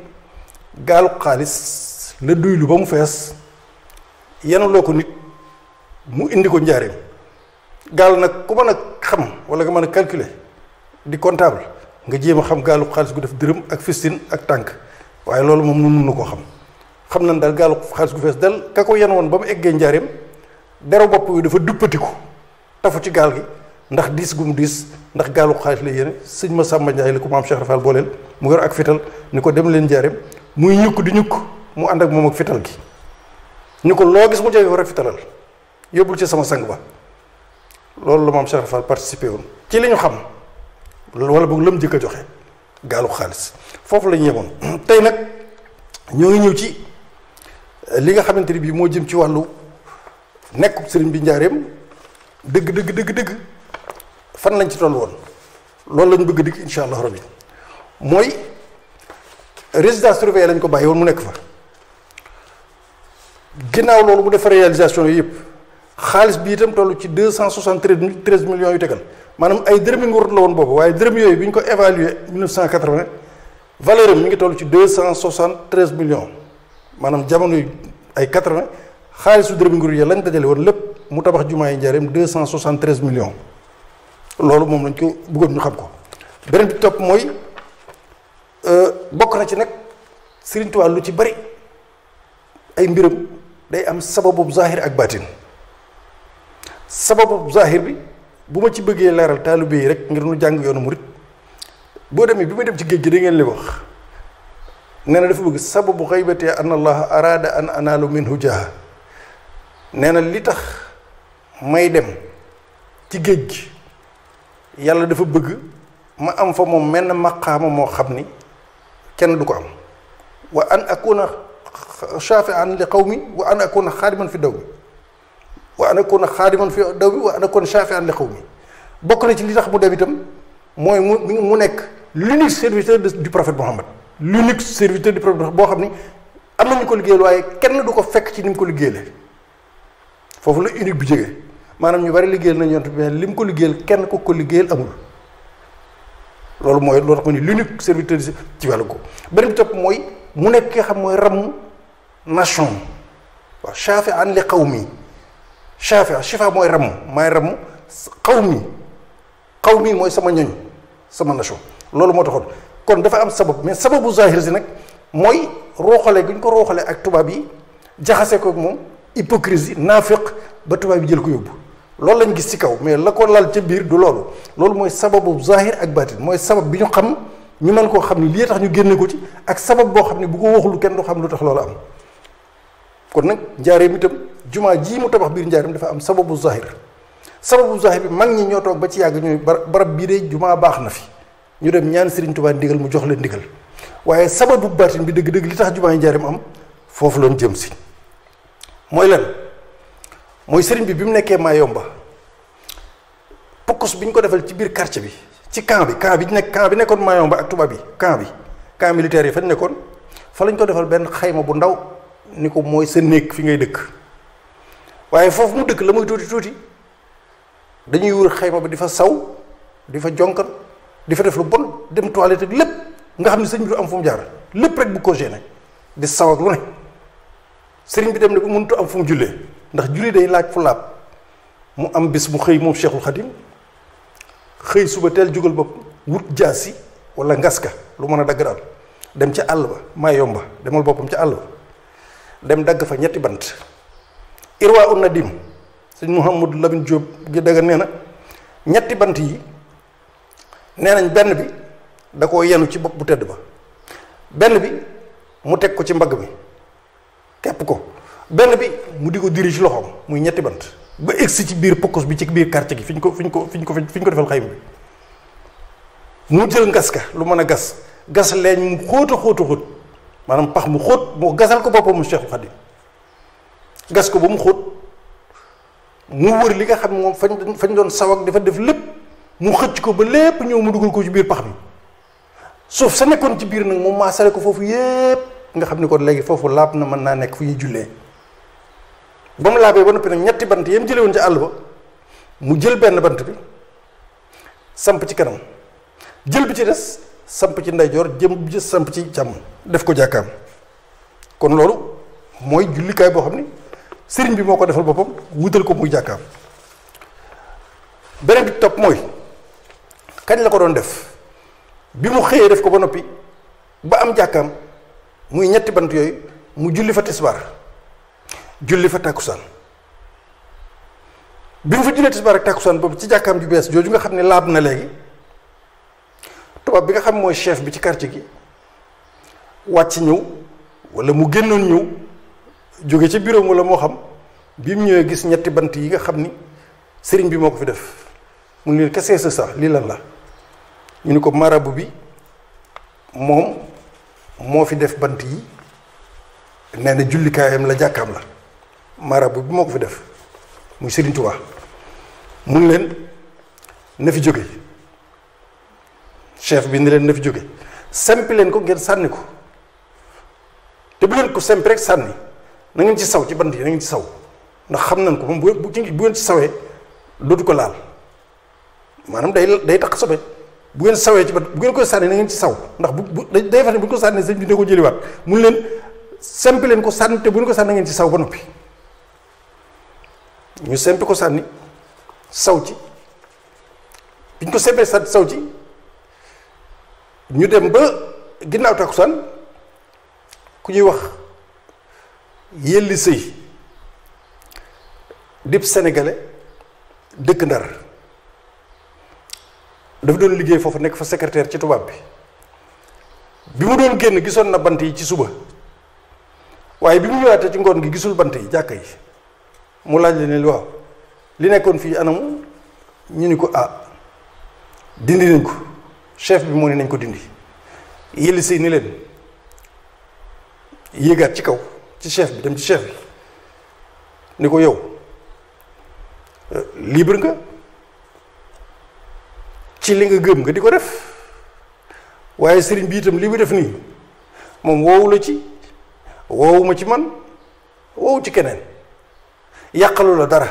gaalu xaalis la duylu ba mu fees yanuloo ko nit mu indi ko njaareem gaal nag ku mën a xam wala nga mën a calculer di comptable nga jéem a xam gaalu xaalis gu def dërëm ak fistine ak tànk waaye loolu moom nu mun na koo xam xam nañ daal gaalu xaalis gu fees dal ka ko yan woon ba mu eggee njaareem dero bopp yi dafa duppatiku tafu ci gaal gi ndax diis gum diis ndax gaalu xaalis la yéene sëñ ma Samba Ndiaye la ko maam Cheikh Rafal booleel mu yor ak fital ni ko dem leen njaareem muy ñukk di ñukk mu ànd ak moom ak fital gi ni ko loo gis mu jaay war a fitalal yóbbul ci sama sang ba loolu la maam Cheikh Rafal participé woon ci li ñu xam wala boog la mu jëkk a joxe gaalu xaalis foofu la ñu yemoon tey nag ñoo ngi ñëw ci eh, li nga xamante ni bii moo jëm ci wàllu nekk sëriñ bi njaareem dëgg dëgg dëgg fan lañ ci toll woon loolu lañ bëgg dikk incha allah rabbi mooy résidence surveillée lañ ko bàyyi woon mu nekk fa ginnaaw loolu mu def réalisation yi yëpp xaalis bi itam toll ci deux cent soixante treize millions yu tegal maanaam ay dërëmi nguur la woon boobu waaye dërëm yooyu bi ñu ko évalué mille neuf cent ngi toll ci deux cent soixante treize millions maanaam jamono yu ay quatre-vingt xaalisu dërëmi nguur yi lañ dajale woon lépp mu tabax jumaa yi njaareem deux cent soixante treize millions loolu moom lañ ko bëggoon ñu xam ko beneen bi topp mooy euh, bokk na ci nag Sëriñ Tuubaa lu ci bari ay mbiram day am sababu zahir ak baatin sababu zahir bi bu ma ci bëggee leeral taalibe yi rek ngir nu jàng yoonu murit boo demee bi muy dem ci géej gi da ngeen li wax nee na dafa bëgg sababu xaybati an allaha araada an anaalu minhu jaha nee na li tax may dem ci géej gi yàlla dafa bëgg ma am fa moom menn maqaama moo xam ni kenn du ko am wa an akuna shafi'an li qawmi wa an akuna xaadiman fi dawmi wa an akuna xaadiman fi dawmi wa an akuna shafi'an li mi bokk na ci li tax mu dem itam mooy mu mu nekk l'unique serviteur du prophète Mohammed l'unique serviteur du prophète boo xam ni am na ñu ko liggéeyal waaye kenn du ko fekk ci ni mu ko liggéeyale foofu la unique bi jógee maanaam ñu bari liggéeyal nañ yonent bi lim ko liggéeyal kenn ko ko liggéeyal amul loolu mooy loolu tax mu ne l'unique serviteur ci wàllu ko beneen bi topp mooy mu nekk ki xam mooy ramm nation waaw chaafi an li xaw mi chaafi chifa mooy ramm maay ramm xaw mi xaw mii mooy sama ñoñ sama nation loolu moo taxoon kon dafa am sabab mais sababu zahir si nag mooy rooxale gi ñu ko rooxale ak tubaab yi jaxase ko moom hypocrisie naafiq ba tubaab yi jël ko yóbbu loolu lañ gis ci kaw mais la ko lal ca biir du loolu loolu mooy sababu zahir ak batin mooy sabab bi ñu xam ñu mën koo xam ni lii tax ñu génne ko ci ak sabab boo xam ne bu ko waxul kenn du xam lu tax loolu am kon nag njaareem itam jumaa jii mu tabax biir njaarim dafa am sababu zahir sababu zahir bi mag ñi ñoo ba ci yàgg ñooy barab bii de jumaa baax na fi ñu dem ñaan Serigne Touba diggal mu jox leen ndiggal waaye sababu baatin bi dëgg-dëgg li tax jumaa yi am foofu loon jëm si mooy lan mooy sëriñ bi bi mu nekkee Mayomba pokos bi ñu ko defal ci biir quartier bi ci camp bi camp bi nekk camp bi nekkoon Mayomba ak Touba bi camp bi camp militaire yi fa nekkoon fa lañ ko defal benn xayma bu ndaw ni ko mooy sa néeg fi ngay dëkk waaye foofu mu dëkk la muy tuuti tuuti dañuy wër xayma bi di fa saw di fa jonkan di fa def lu bon dem toilette ak lépp nga xam ne sëriñ bi du am fu mu jaar lépp rek bu ko gêné di saw ak lu ne sëriñ bi dem ne bu mënut am fu mu jullee. ndax julli day laaj fu mu am bis mu xëy moom Cheikhul Khadim xëy suba teel jugal bopp wut jaasi wala ngaska lu mën a daggaral dem ca àll ba maa yomba demal boppam ca àll ba dem dagg fa ñetti bant irwa un nadim sëñ mu Lamine Diop gi daga nee na ñetti bant yi nee nañ benn bi da koo yenu ci bopp bu tedd ba benn bi mu teg ko ci mbagg bi kepp ko benn bi mu di ko dirige loxoom muy ñetti bant ba egsi ci biir pokkus bi ci biir quartier gi fi ñu ko fi ñu ko fi ñu ko fi ñu ko defal xayma bi mu jël lu mën a gas gas leeñ mu xóot a xóot maanaam pax mu xóot mu gasal ko boppam mu Cheikh Khadim gas ko ba mu xóot mu wër li nga xam moom fañ fañ doon sawag dafa def lépp mu xëcc ko ba lépp ñëw mu dugal ko ci biir pax mi soof sa nekkoon ci biir nag moom maa sare ko foofu yépp nga xam ne kon léegi foofu laab na mën naa nekk fu ñuy jullee ba mu laabee ba noppi nag ñetti bant yéen jëlee woon ci àll ba mu jël benn bant bi samp ci kanam jël bi ci des samp ci ndeyjoor jëm bi samp ci jàmm def ko jàkkaam kon loolu mooy jullikaay boo xam ne sëriñ bi moo ko defal boppam wutal ko muy jàkkaam beneen bi topp mooy kañ la ko doon def bi mu xëyee def ko ba noppi ba am jàkkaam muy ñetti bant yooyu mu julli fa tisbaar julli fa tàkkusaan bi mu fa jullee tisbaar ak tàkkusaan boobu ci jàkkaam ju bees jooju nga xam ne laab na léegi tubaab bi nga xam mooy chef bi ci quartier gi wàcc ñëw wala mu génnoon ñëw jóge ci bureau wala moo xam bi mu ñëwee gis ñetti bant yi nga xam ni sëriñ bi moo ko fi def mu ne kese sa sax lii lan la ñu ni ko marabu bi moom moo fi def bant yi nee na jullikaayam la jàkkaam la marabu bi moo ko fi def muy Serigne Touba mun leen na fi jóge chef bi ni leen na fi jóge sempi ko ngeen sànni ko te bu ngeen ko sempi sànni na ci saw ci bant yi na ci saw ndax xam nañ ko moom bu bu ci sawee dootu ko laal maanaam day day tax sobe bu ngeen sawee ci bat bu ngeen koy sànni na ngeen ci saw ndax bu bu day day fa bu ñu ko sànni sëñ bi ne ko jëliwaat mun leen sempi leen ko sànni te bu ngeen ko sànni na ngeen ci saw ba noppi. ñu sempi ko sànni saw ci bi ñu ko sempee sa saw ci ñu dem ba ginnaaw takkusaan ku ñuy wax yëlli sëy dib sénégalais dëkk ndar dafa doon liggéey foofu nekk fa secrétaire ci tubaab bi bi mu doon génn gisoon na bant yi ci suba waaye bi mu ñëwaatee ci ngoon gi gisul bant yi jàkka yi mu laaj la ne waaw li nekkoon fii anamu ñu ni ko ah dindi nañ ko chef bi moo ne nañ ko dindi yëlli si ni leen yéegaat ci kaw ci chef bi dem ci chef bi ni ko yow euh, libre nga ci li nga gëm nga di ko def waaye sëriñ bi itam li muy def nii moom woowu la ci woowuma ci man woowu ci keneen yàqalu la dara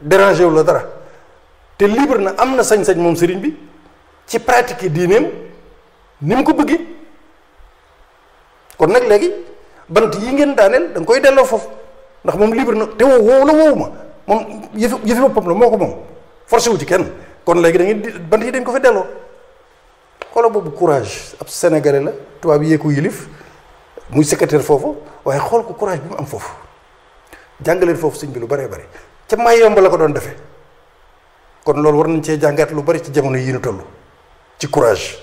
dérangé wu la dara te libre na am na sañ-sañ moom sëriñ bi ci pratique yi diineem ni mu ko bëggee kon nag léegi bant yi ngeen daaneel danga koy delloo foofu ndax moom libre na te woo woowu la woowu moom yëfi yëfi boppam na moo ko moom forcé wu ci kenn kon léegi da ngeen bant yi dañ ko fa delloo xolo boobu courage ab sénégalais la tubaab yee ko yilif muy secrétaire foofu waaye xool ko courage bi mu am foofu jàngaleen foofu sëñ bi lu bëree bëri ca may yomb la ko doon defee kon loolu war nañ cee jàngaat lu bari ci jamono yii ñu toll ci courage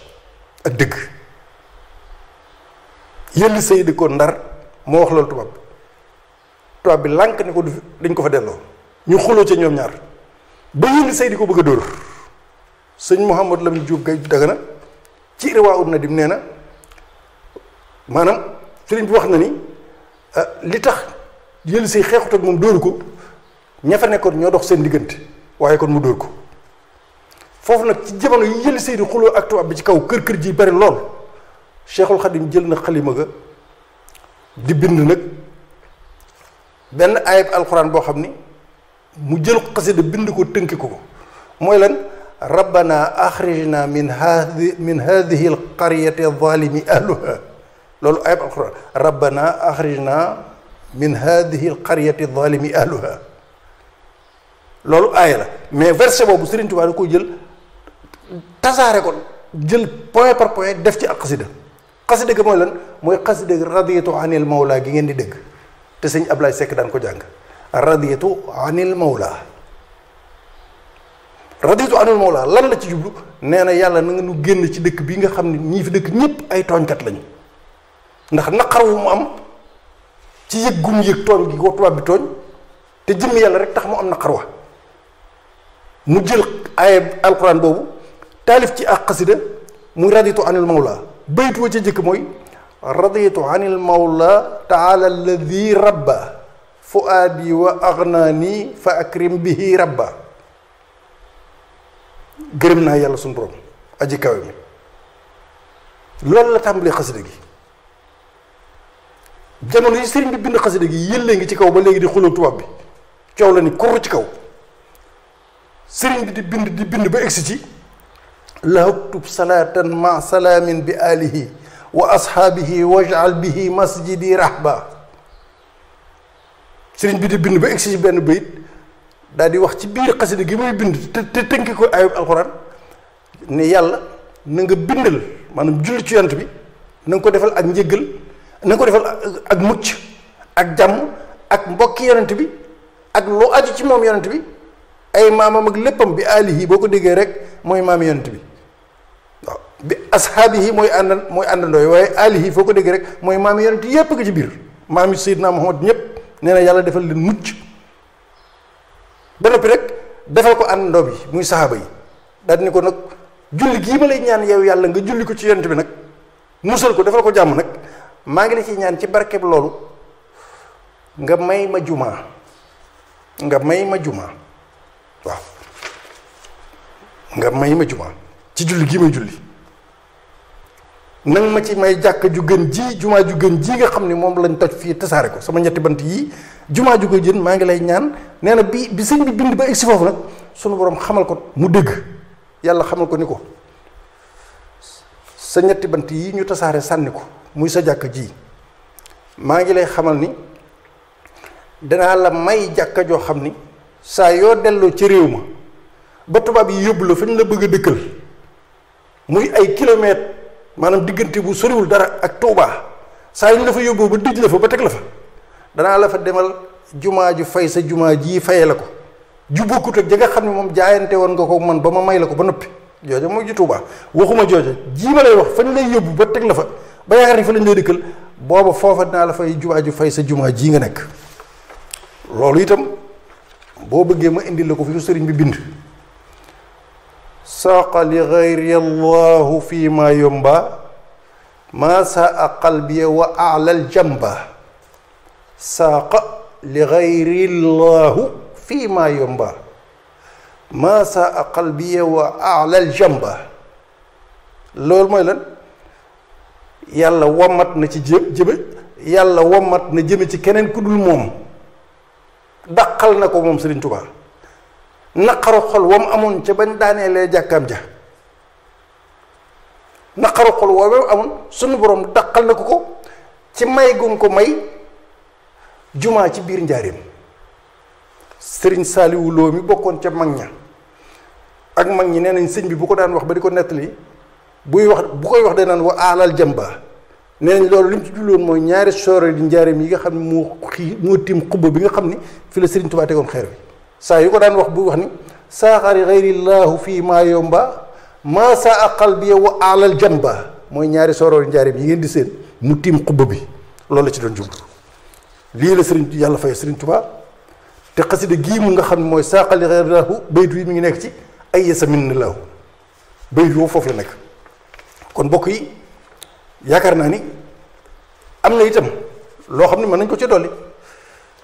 ak dëgg yëlli di ko ndar moo wax loolu tubaab bi bi lànk ne ko du dañ ko fa delloo ñu xuloo ca ñoom ñaar ba yëlli Seydi ko bëgg a dóor sëñ Mouhamadou Lamine Diop gay Dagana ci riwaa na dim nee na maanaam sëriñ bi wax na ni ah, li tax yëli say xeexut ak moom dóoru ko ña fa ñoo dox seen diggante waaye kon mu dóor ko foofu nag ci jamono yi yëli di xuloo ak bi ci kaw kër kër ji bari lool Cheikhul Khadim jël na xalima ga di bind nag benn ayab alxuraan boo xam ni mu jël xasida bind ko tënki ko mooy lan rabbana axrijna min hadi min hadihi alqaryati alzalimi ahluha loolu ayab rabbana axrijna min hadihi alqaryati zalimi ahluha loolu aaya la mais verset boobu Sëriñ Tuubaa da ko jël tasaare ko jël point par point def ci ak xasida xasida ga mooy lan mooy xasida radiyatu anil mawla gi ngeen di dégg te sëñ Ablaye Seck daan ko jàng radiyatu anil mawla radiyatu anil mawla lan la ci jublu nee na yàlla na nga nu génn ci dëkk bi nga xam ne ñii fi dëkk ñëpp ay tooñkat lañu ndax naqar wu mu am ci yëg gum yëg tooñ gi ko tubaab bi tooñ te jëmm yàlla rek tax mu am naqar wa mu jël ay alxuraan boobu taalif ci ak xasida muy raditu anil mawla baytu wa ca njëkk mooy raditu anil mawla taala alladi rabba fuaadi wa agnaani fa akrim bihi rabba gërëm naa yàlla suñu aji kawe mi la tàmbalee xasida gi jamono yi sëriñ bi bind xasida gi yëllee ngi ci kaw ba léegi di xuloo tubaab bi coow la ni kurru ci kaw sëriñ bi di bind di bind ba egsi ci lahaktub salaatan ma salaamin bi alihi wa ashaabihi bi di bind ba egsi benn bayit daal di wax ci biir xasida gi muy bind te te tënki ko ayub alxuraan ne yàlla na nga bindal maanaam julli ci bi na ko defal ak njëggal na ko defal ak mucc ak jàmm ak mbokki yonent bi ak loo aju ci moom yonent bi ay maamam ak léppam bi alihi boo ko déggee rek mooy maam yonent bi waaw bi ashaabihi mooy àndan mooy àndandooy waaye alihi foo ko déggee rek mooy maam yonent yépp nga ci biir maam yi Seydina Muhammad ñépp nee na yàlla defal leen mucc ba noppi rek defal ko àndandoo bi muy saxaaba yi daal ko nag julli gii ma lay ñaan yow yàlla nga julli ko ci yonent bi nag musal ko defal ko jàmm nag maa ngi la ñaan ci barkeb loolu nga may ma jumaa nga may ma jumaa waaw nga may ma jumaa ci julli gi may julli nang ma ci may jàkk ju gën ji jumaa ju gën jii nga xam ni moom lañ toj fii tasaare ko sama ñetti bant yii jumaa ju ko jën maa ngi lay ñaan nee na bi bi sëñ bi bind ba egsi foofu nag sunu boroom xamal ko mu dégg yàlla xamal ko ni ko sa ñetti bant yi ñu tasaare sànni ko muy sa jàkk ji maa ngi lay xamal ni danaa la may jàkka joo xam ni saa yoo delloo ci réew ma ba tubaab yi yóbbu la fañ la bëgg a dëkkal muy ay kilomètre maanaam diggante bu soriwul dara ak Tuubaa saa yu ñu la fa yóbboo ba dij la fa ba teg la fa danaa la fa demal jumaa ju fey sa jumaa jii fayee la ko ju bokkut ak ja xam ne moom jaayante woon nga ko man ba ma may la ko ba noppi jooja mooy ju Tuubaa waxuma jooja jii ma lay wax fañ lay yóbbu ba teg la fa ba yaakaar ni fa lañ lay dëkkal booba foofa dinaa la fay jumaa ju fay sa jumaa jii nga nekk loolu itam boo bëggee ma indi la ko fi ko sëriñ bi bind saaqa li gayri allahu fi yomba maa saa qalbiya wa alal jamba saaqa li fi ma yomba maa saa qalbiya wa alal jamba loolu mooy lan yàlla wommat na ci jë jëme yàlla wommat na jëme ci keneen ku dul moom daqal na ko moom Serigne Touba naqaru xol wam amoon ca bañ daaneelee jàkkaam ja naqaru xol wam amoon sunu borom daqal na ko ko ci may gu ko may jumaa ci biir njaareem sëriñ Saliou mi bokkoon ca mag ña ak mag ñi nee nañ sëñ bi bu ko daan wax ba di ko nettali buy wax bu koy wax day naan wa alal jamba nee nañ loolu li mu ci julloon mooy ñaari soore di njaareem yi nga xam ne moo xii moo tiim xubba bi nga xam ni fi la Sëriñ Tuubaa xeer saa yu ko daan wax bu wax ni saaxari xayrillaahu fii maa yomba maa saa aqal bi wa alal jamba mooy ñaari sooro di yi ngeen di seen mu tiim xubba bi loolu la ci doon jublu lii la sëriñ yàlla fay sëriñ Tuubaa te xasida gii mu nga xam ne mooy saaxali xayrillaahu baytu yi mi ngi nekk ci ay yasa min laahu baytu woo foofu la nekk kon mbokk yi yaakaar naa ni am na itam loo xam ne mën nañ ko ci dolli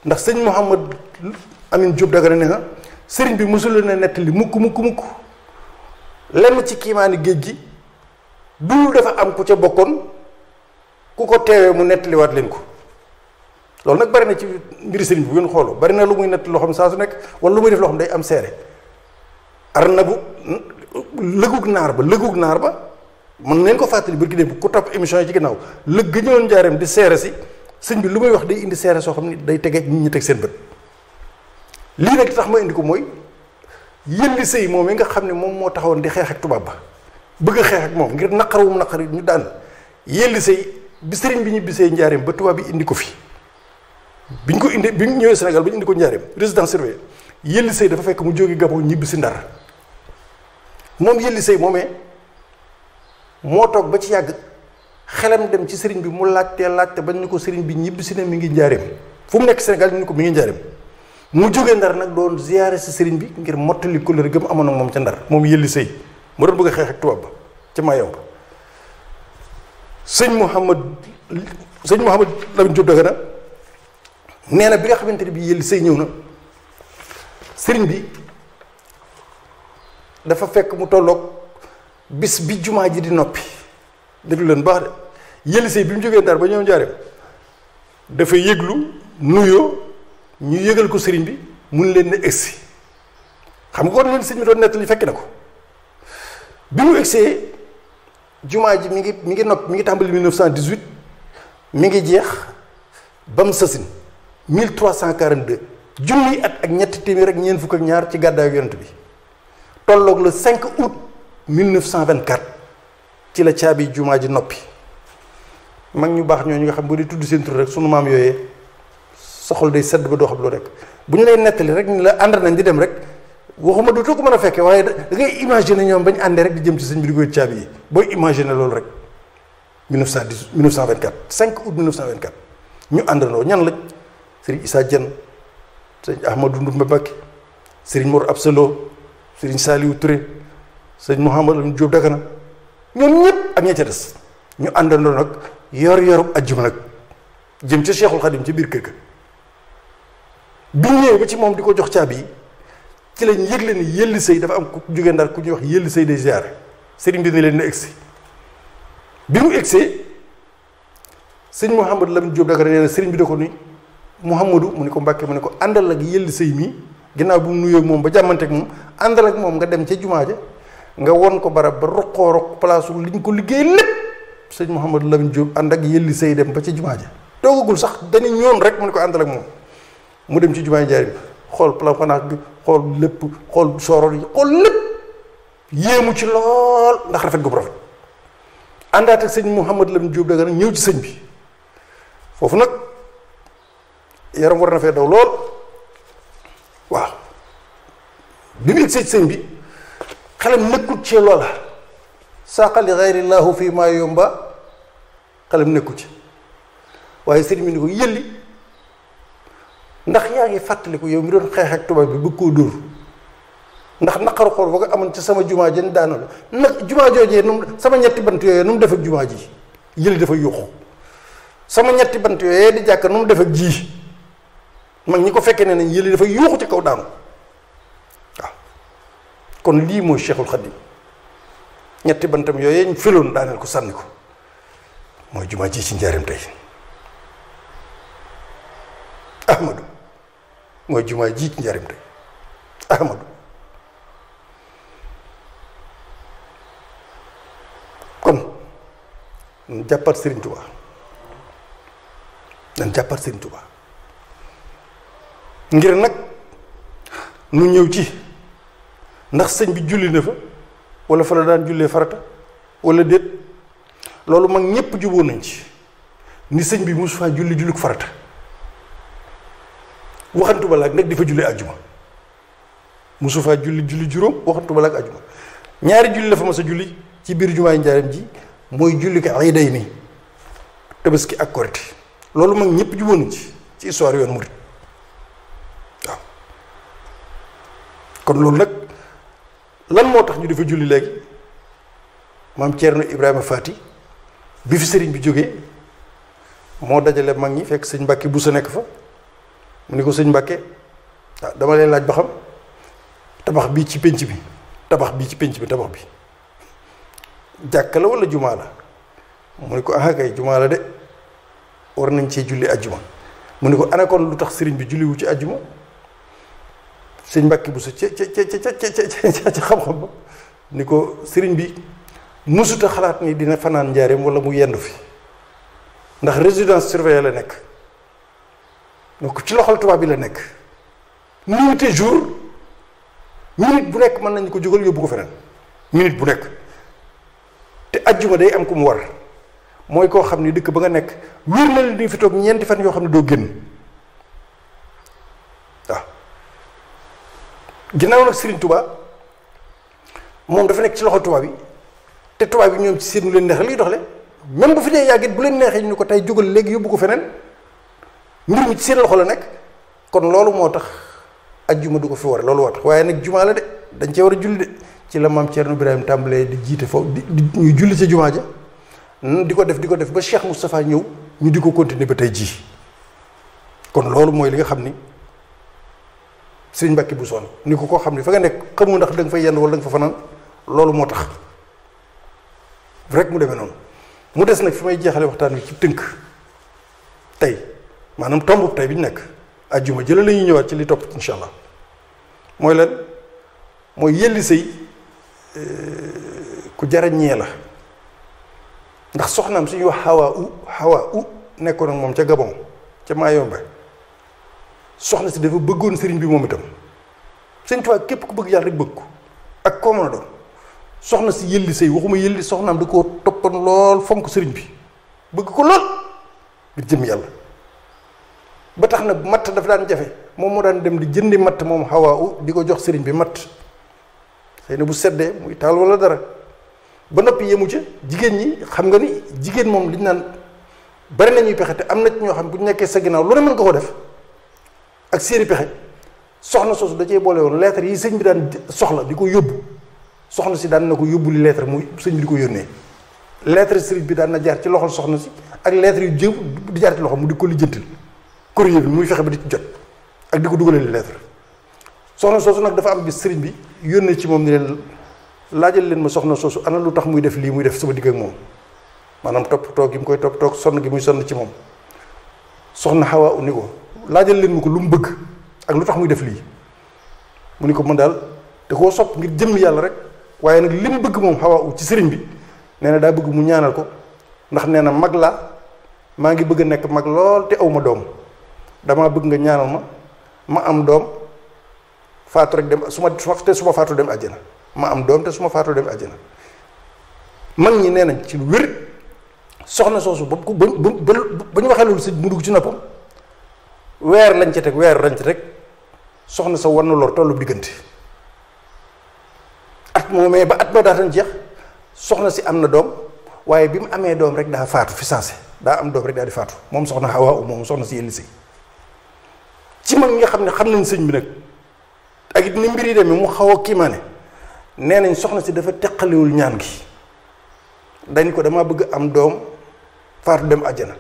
ndax sëñ Mouhamad Amin Diop Dagana nee na sëriñ bi mosul na nettali mukk mukk mukk lenn ci kiimaani géej gi dul dafa am ku ca bokkoon ku ko teewee mu nettaliwaat leen ko loolu nag bari na ci mbiri sëriñ bi bu ngeen xooloo bari na lu muy nett loo xam saa su nekk wala lu muy def loo xam day am seere arnabu lëgug naar ba lëgug naar ba mën neen ko fàttali bërki dem ku topp émission yi ci ginnaaw lëgg ñëwoon njaareem di seere si sëñ bi lu muy wax day indi seere soo xam ne day tege nit ñi teg seen bët lii nag tax ma indi ko mooy yëlli sëy moom yi nga xam ne moom moo taxawoon di xeex ak tubaab ba bëgg a xeex ak moom ngir naqarawum naqar ñu daan yëlli sëy bi sëriñ bi ñu bisee njaareem ba tubaab bi indi ko fi bi ñu ko indi bi ñu ñëwee Sénégal ba ñu indi ko njaareem résidence surveillée yëlli sëy dafa fekk mu jóge Gabon ñibbi si Ndar moom yëlli sëy moomee moo toog ba ci yàgg xelam dem ci sëriñ bi mu laajtee laajte ba ñu ko sëriñ bi ñibbi si ne mi ngi njaareem fu mu nekk Sénégal ñu ko mi ngi njaareem mu jógee ndar nag doon ziyaare si sëriñ bi ngir mottali couleur gëm amoon ak moom ca ndar moom yëlli sëy mu doon bëgg a xeex ak tubaab ba ca Mayomba sëñ Mouhamad sëñ Mouhamad Lamine Diop Dagana nee na bi nga xamante ne bii yëlli sëy ñëw na sëriñ bi dafa fekk mu tollook bis bi jumaa ji di noppi déglu leen baax de Yelise bi mu jógee Ndar ba ñëw Njaareem dafa yëglu nuyoo ñu yëgal ko sëriñ bi mu mun leen na si xam nga kon loolu sëriñ bi doon nettali fekk na ko bi mu egsee jumaa ji mi ngi mi ngi nopp mi ngi tàmbali 1918 mi ngi jeex ba mu sasin 1342 junniy at ak ñett téeméer ak ñeent fukk ak ñaar ci gàddaayu yonent bi tolloog le 5 août. 1924 ci la caabi jumaa ji noppi mag ñu baax ñooñu nga xam boo di tudd seen tur rek suñu maam yooyee soxal day sedd ba doo xam loo rek bu ñu lay nettali rek ni la ànd nañ di dem rek waxuma dootoo ko mën fekkee waaye da ngay imaginer ñoom bañ àndee rek di jëm ci sëñ bi di koy caabi yi booy loolu rek 1910 1924 5 août 1924 ñu àndandoo ñan lañ jën Issa Dieng sëriñ Ahmadou Ndoumbe Mbacké sëriñ Mor Absalo sëriñ Saliou Touré. sëñ Mouhamadou Lamine Diop Dagana ñoom ñëpp ak ña ca des ñu àndandoo nag yor yorub ajjuma nag jëm ca Cheikhul Khadim ci biir kër ga bi ñëwee ba ci moom di ko jox caabi yi ci lañ yëgle ni yëlli sëy dafa am ku jógee ndar ku ñuy wax yëlli sëy de ziar sëriñ bi ne leen egsi bi mu egsee sëñ Mouhamadou Lamine Diop Dagana nee na sëriñ bi da ko ni Mouhamadou mu ne ko Mbàkke mu ne ko àndal ak yëlli sëy mii ginnaaw bu mu nuyoo moom ba jàmmanteeg moom àndal ak moom nga dem ca jumaa ja nga won ko barab ba roqoo roq place li ñu ko liggéey lépp sëñ Mouhamadou Lamine Diop ànd ak yëlli sëy dem ba ci jumaa ja toogagul sax dañu ñoon rek mu ne ko àndal ak moom mu dem ci jumaa jaari bi xool plan xanaat bi xool lépp xool sooroor yi xool lépp yéemu ci lool ndax rafet gu bu rafet àndaat ak sëñ Mouhamadou Lamine Diop daga nag ñëw ci sëñ bi foofu nag yaram war na fee daw lool waaw bi mu egsee ci bi xelam nekkut ci loola saaqa li gayrillahu fii maa yomba xelam nekkut ci waaye sëriñ bi ko yëlli ndax yaa ngi fàttaliku yow mi doon xeex ak tubaab bi bëgg koo dóor ndax naqaru xool ba nga amoon ci sama jumaa jën daana la nag jumaa joojee nu mu sama ñetti nu mu def ak jumaa ji yëli dafa yuuxu sama ñetti bant yooyee di jàkk nu mu def ak jii mag ñi ko fekkee ne nañ yëli dafa yuuxu ci kaw daanu kon lii mooy Cheikhul Khadim ñetti bantam yooyee ñu filoon daaneel ko sànni ko mooy jumaa ji ci njaareem tey Ahmadu mooy jumaa ji ci njaareem tey kon ñu jàppaat Serigne Touba dañ jàppaat Serigne Touba ngir nag lu ñëw ci. ndax sëñ bi julli na fa wala fa la daan jullee farata wala déet loolu mag ñépp juboo nañ ci ni sëñ bi mosu faa julli jullik farata waxantu ba laag nag di fa julli àjjuma mosu faa julli julli juróom waxantu ba laag àjjuma ñaari julli la fa mas julli ci biir jumaay njaaram ji mooy julli ko ay day nii tabaski ak korite loolu mag ñépp juboo nañ ci ci histoire yoon murit waaw kon loolu nag lan moo tax ñu di fa julli léegi maam Thierno Ibrahima Fati bi fi sëriñ bi jógee moo dajale mag ñi fekk sëñ Mbàkke bu sa nekk fa mu ni ko sëñ Mbàkke ah, dama leen laaj ba xam tabax bii ci pénc bi tabax bii ci pénc bi tabax bi jàkka la wala jumaa la mu ni ko ah kay jumaa la de war nañ cee julli ajjuma mu ni ko ana lu tax sëriñ bi julliwu ci ajjuma sëñ Mbàkke Buso ca ca ca ca xam-xam ba ni ko sëriñ bi musuta xalaat ni dina fanaan njaareem wala mu yendu fi ndax résidence surveillée la nekk donc ci loxol tubaab bi la nekk nuit et jour bu nekk mën nañ ko jógal yóbbu ko feneen minute bu nekk te ajjuma day am ku mu war mooy koo xam ni dëkk ba nga nekk wér na la di fi toog ñeenti fan yoo xam ne doo génn ginnaaw nag Serigne Touba moom dafa nekk ci loxo tubaab yi te tubaab yi ñoom ci seen leen neex dox le même bu fi dee yàggit bu leen neexee ñu ko tey jógal léegi yóbbu ko feneen mbir ci seen loxo la nekk kon loolu moo tax ajjuma ko fi war waaye nag jumaa de dañ cee war a julli ci la maam Thierno Ibrahima tàmbalee di jiite foofu di ñuy julli sa jumaa ja hmm, di ko def di ko def ba Cheikh Moustapha ñëw ñu di ko continuer ba tey jii kon loolu mooy li nga xam ni. suñ Mbàkke bu soon ni ko koo xam ne fa nga nekk xamu ndax da nga fay yenn wala da nga fa fanaan loolu moo tax rek mu demee noonu mu des nag fi may jeexale waxtaan wi ci tënk tey maanaam tomb tey bi ñu nekk ajjuma jële la ñuy ñëwaat ci li topp insha mooy lan mooy yelli sëy euh, ku jarañee la ndax soxnaam suñuy wax xawaa u xawaa u nekkoon ak moom ca Gabon ca ba soxna si dafa bëggoon sëriñ bi moom itam sëriñ Tuubaa képp ku bëgg yàlla rek bëgg ko ak koo mën a doon soxna si yëlli sëy waxuma yëlli soxnaam da koo toppoon lool fonk sëriñ bi bëgg ko lool ngir jëm yàlla ba tax na matt dafa daan jafe moom moo daan dem di jëndi matt moom xawaaw di ko jox sëriñ bi matt xëy na bu seddee muy taal wala dara ba noppi yemu ca jigéen ñi xam nga ni jigéen moom liñ naan bari nañuy pexe te am na ci ñoo xam bu ñu nekkee sa ginnaaw lu ne ko def ak seeni pexe soxna soosu da cee boole woon lettre yi sëñ bi daan soxla di ko yóbbu soxna si daan na ko yóbbu li lettre mu sëñ bi di ko yónnee lettre sëriñ bi daan na jaar ci loxol soxna si ak lettre yu jëm di jaar ci loxo mu di ko lijjantil courrier bi muy fexe ba di jot ak di ko dugaleel lettre soxna soosu nag dafa am bis sëriñ bi yónnee ci moom ni leen laajal leen ma soxna soosu ana lu tax muy def lii muy def sama digg ak moom maanaam topp toog gi mu koy topp toog sonn gi muy sonn ci moom soxna xawaa u ko laajal leen ma ko lu mu bëgg ak lu tax muy def lii mu ni ko mën daal da koo sopp ngir jëmm yàlla rek waaye nag li mu bëgg moom xawaa ci sëriñ bi nee na daa bëgg mu ñaanal ko ndax nee na mag laa maa ngi bëgg a nekk mag lool te aw ma doom damaa bëgg nga ñaanal ma ma am doom faatu rek dem su ma te su ma dem àjjana ma am doom te su faatu dem àjjana mag ñi nee nañ ci wér soxna soosu ba ba ba ba ñu waxee loolu sëñ mu dugg ci noppam weer lañ ca teg weer lañ ca teg soxna sa war na lor tollu diggante at moom mais ba at ma daatan jeex soxna si am na doom waaye bi mu amee doom rek daa faatu fi sensé daa am doom rek daa di faatu moom soxna Awa moom soxna si yenn si ci mag ñi nga xam ne xam nañ sëñ bi nag ak it ni mbir yi demee mu xaw a kiimaane nee nañ soxna si dafa teqaliwul ñaan gi dañ ko dama bëgg am doom faatu dem àjjana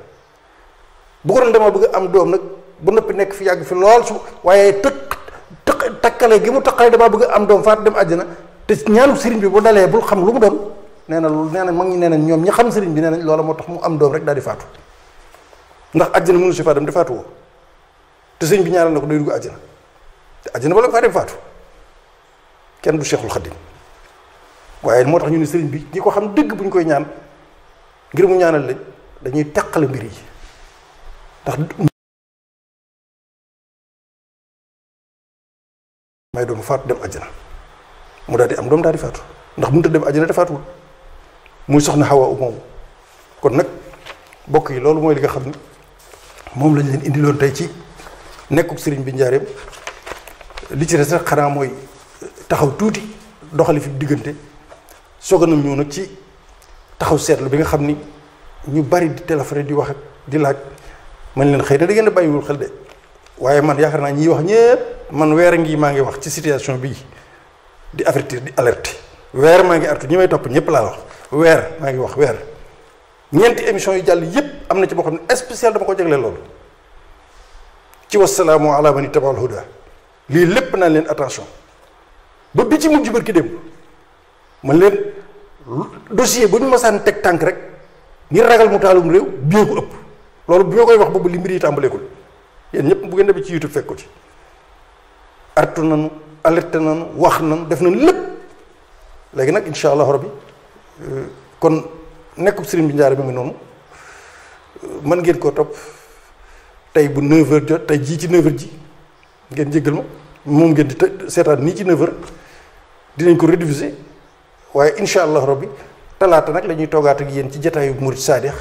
bu ko doon dama bëgg am doom nag bu noppi nekk fi yàgg fi lool su waaye tëkk tëkk takkale gi mu takkale damaa bëgg am doom faat dem na te ñaanu sëriñ bi bu dalee bul xam lu mu doon nee na loolu nee mag ñi nee nañ ñoom ñi xam sëriñ bi nee nañ loola moo tax mu am doom rek daal faatu ndax àjjana mënu si faa dem di woo te sëriñ bi ñaanal na ko day dugg àjjana te àjjana bala faa dem faatu kenn du Cheikhul Khadim waaye moo tax ñu ne sëriñ bi ñi ko xam dëgg bu ñu koy ñaan ngir mu ñaanal lañ dañuy teqale mbir yi may doom faatu dem àjjana mu daal di am doom daal di faatu ndax mënut a dem àjjana te faatuwul muy soxna Hawa moom kon nag bokk yi loolu mooy li nga xam ne moom lañ leen indiloon tey ci nekkub siriñ bi njaareem li ci des nag xanaa mooy eh, taxaw tuuti doxali fi diggante sooganam ñëw nag ci taxaw seetlu bi nga xam ni ñu bari di téléphoné di wax di laaj man leen xëy na da ngeen a bàyyiwul xel de. waaye man yaakaar naa ñiy wax ñëpp man weer ngi maa ngi wax ci situation bii di avertir di alerte weer maa ngi artu ñi may topp ñëpp laa wax weer maa ngi wax weer ñeenti émission yu jàll yëpp am na ci boo xam ne spécial dama ko jagleel loolu ci wasalaamu ala man itabal huda lii lépp naa leen attention ba bi ci mujj barki démb man leen dossier bu ñu masaan teg tànk rek ngir ragal mu taalum réew biyee ko ëpp loolu bi ma koy wax boobu li mbir yi tàmbaleekul yéen ñëpp bu ngeen demee ci youtube fekku ci artu nañu alerte nañu wax nañu def nañu lépp léegi nag incha allah rabbi euh, kon nekkub sëriñ bi njaare bi ngi noonu euh, mën ngeen koo topp tey bu 9h jot tey jii ci 9 ji ngeen jéggal ma moom ngeen di seetaan nii ci 9 dinañ ko rediffuser waaye incha allah rabbi talaata nag lañuy ñuy toogaat ak yéen ci jataayu Murid Saadix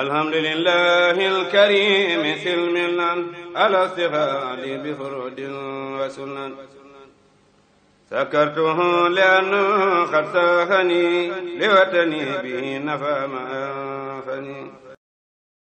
الحمد لله الكريم سلمنا على استفاد بفرود وسنن سكرته لأنه قد ساخني لوطني به نفى ما أنفني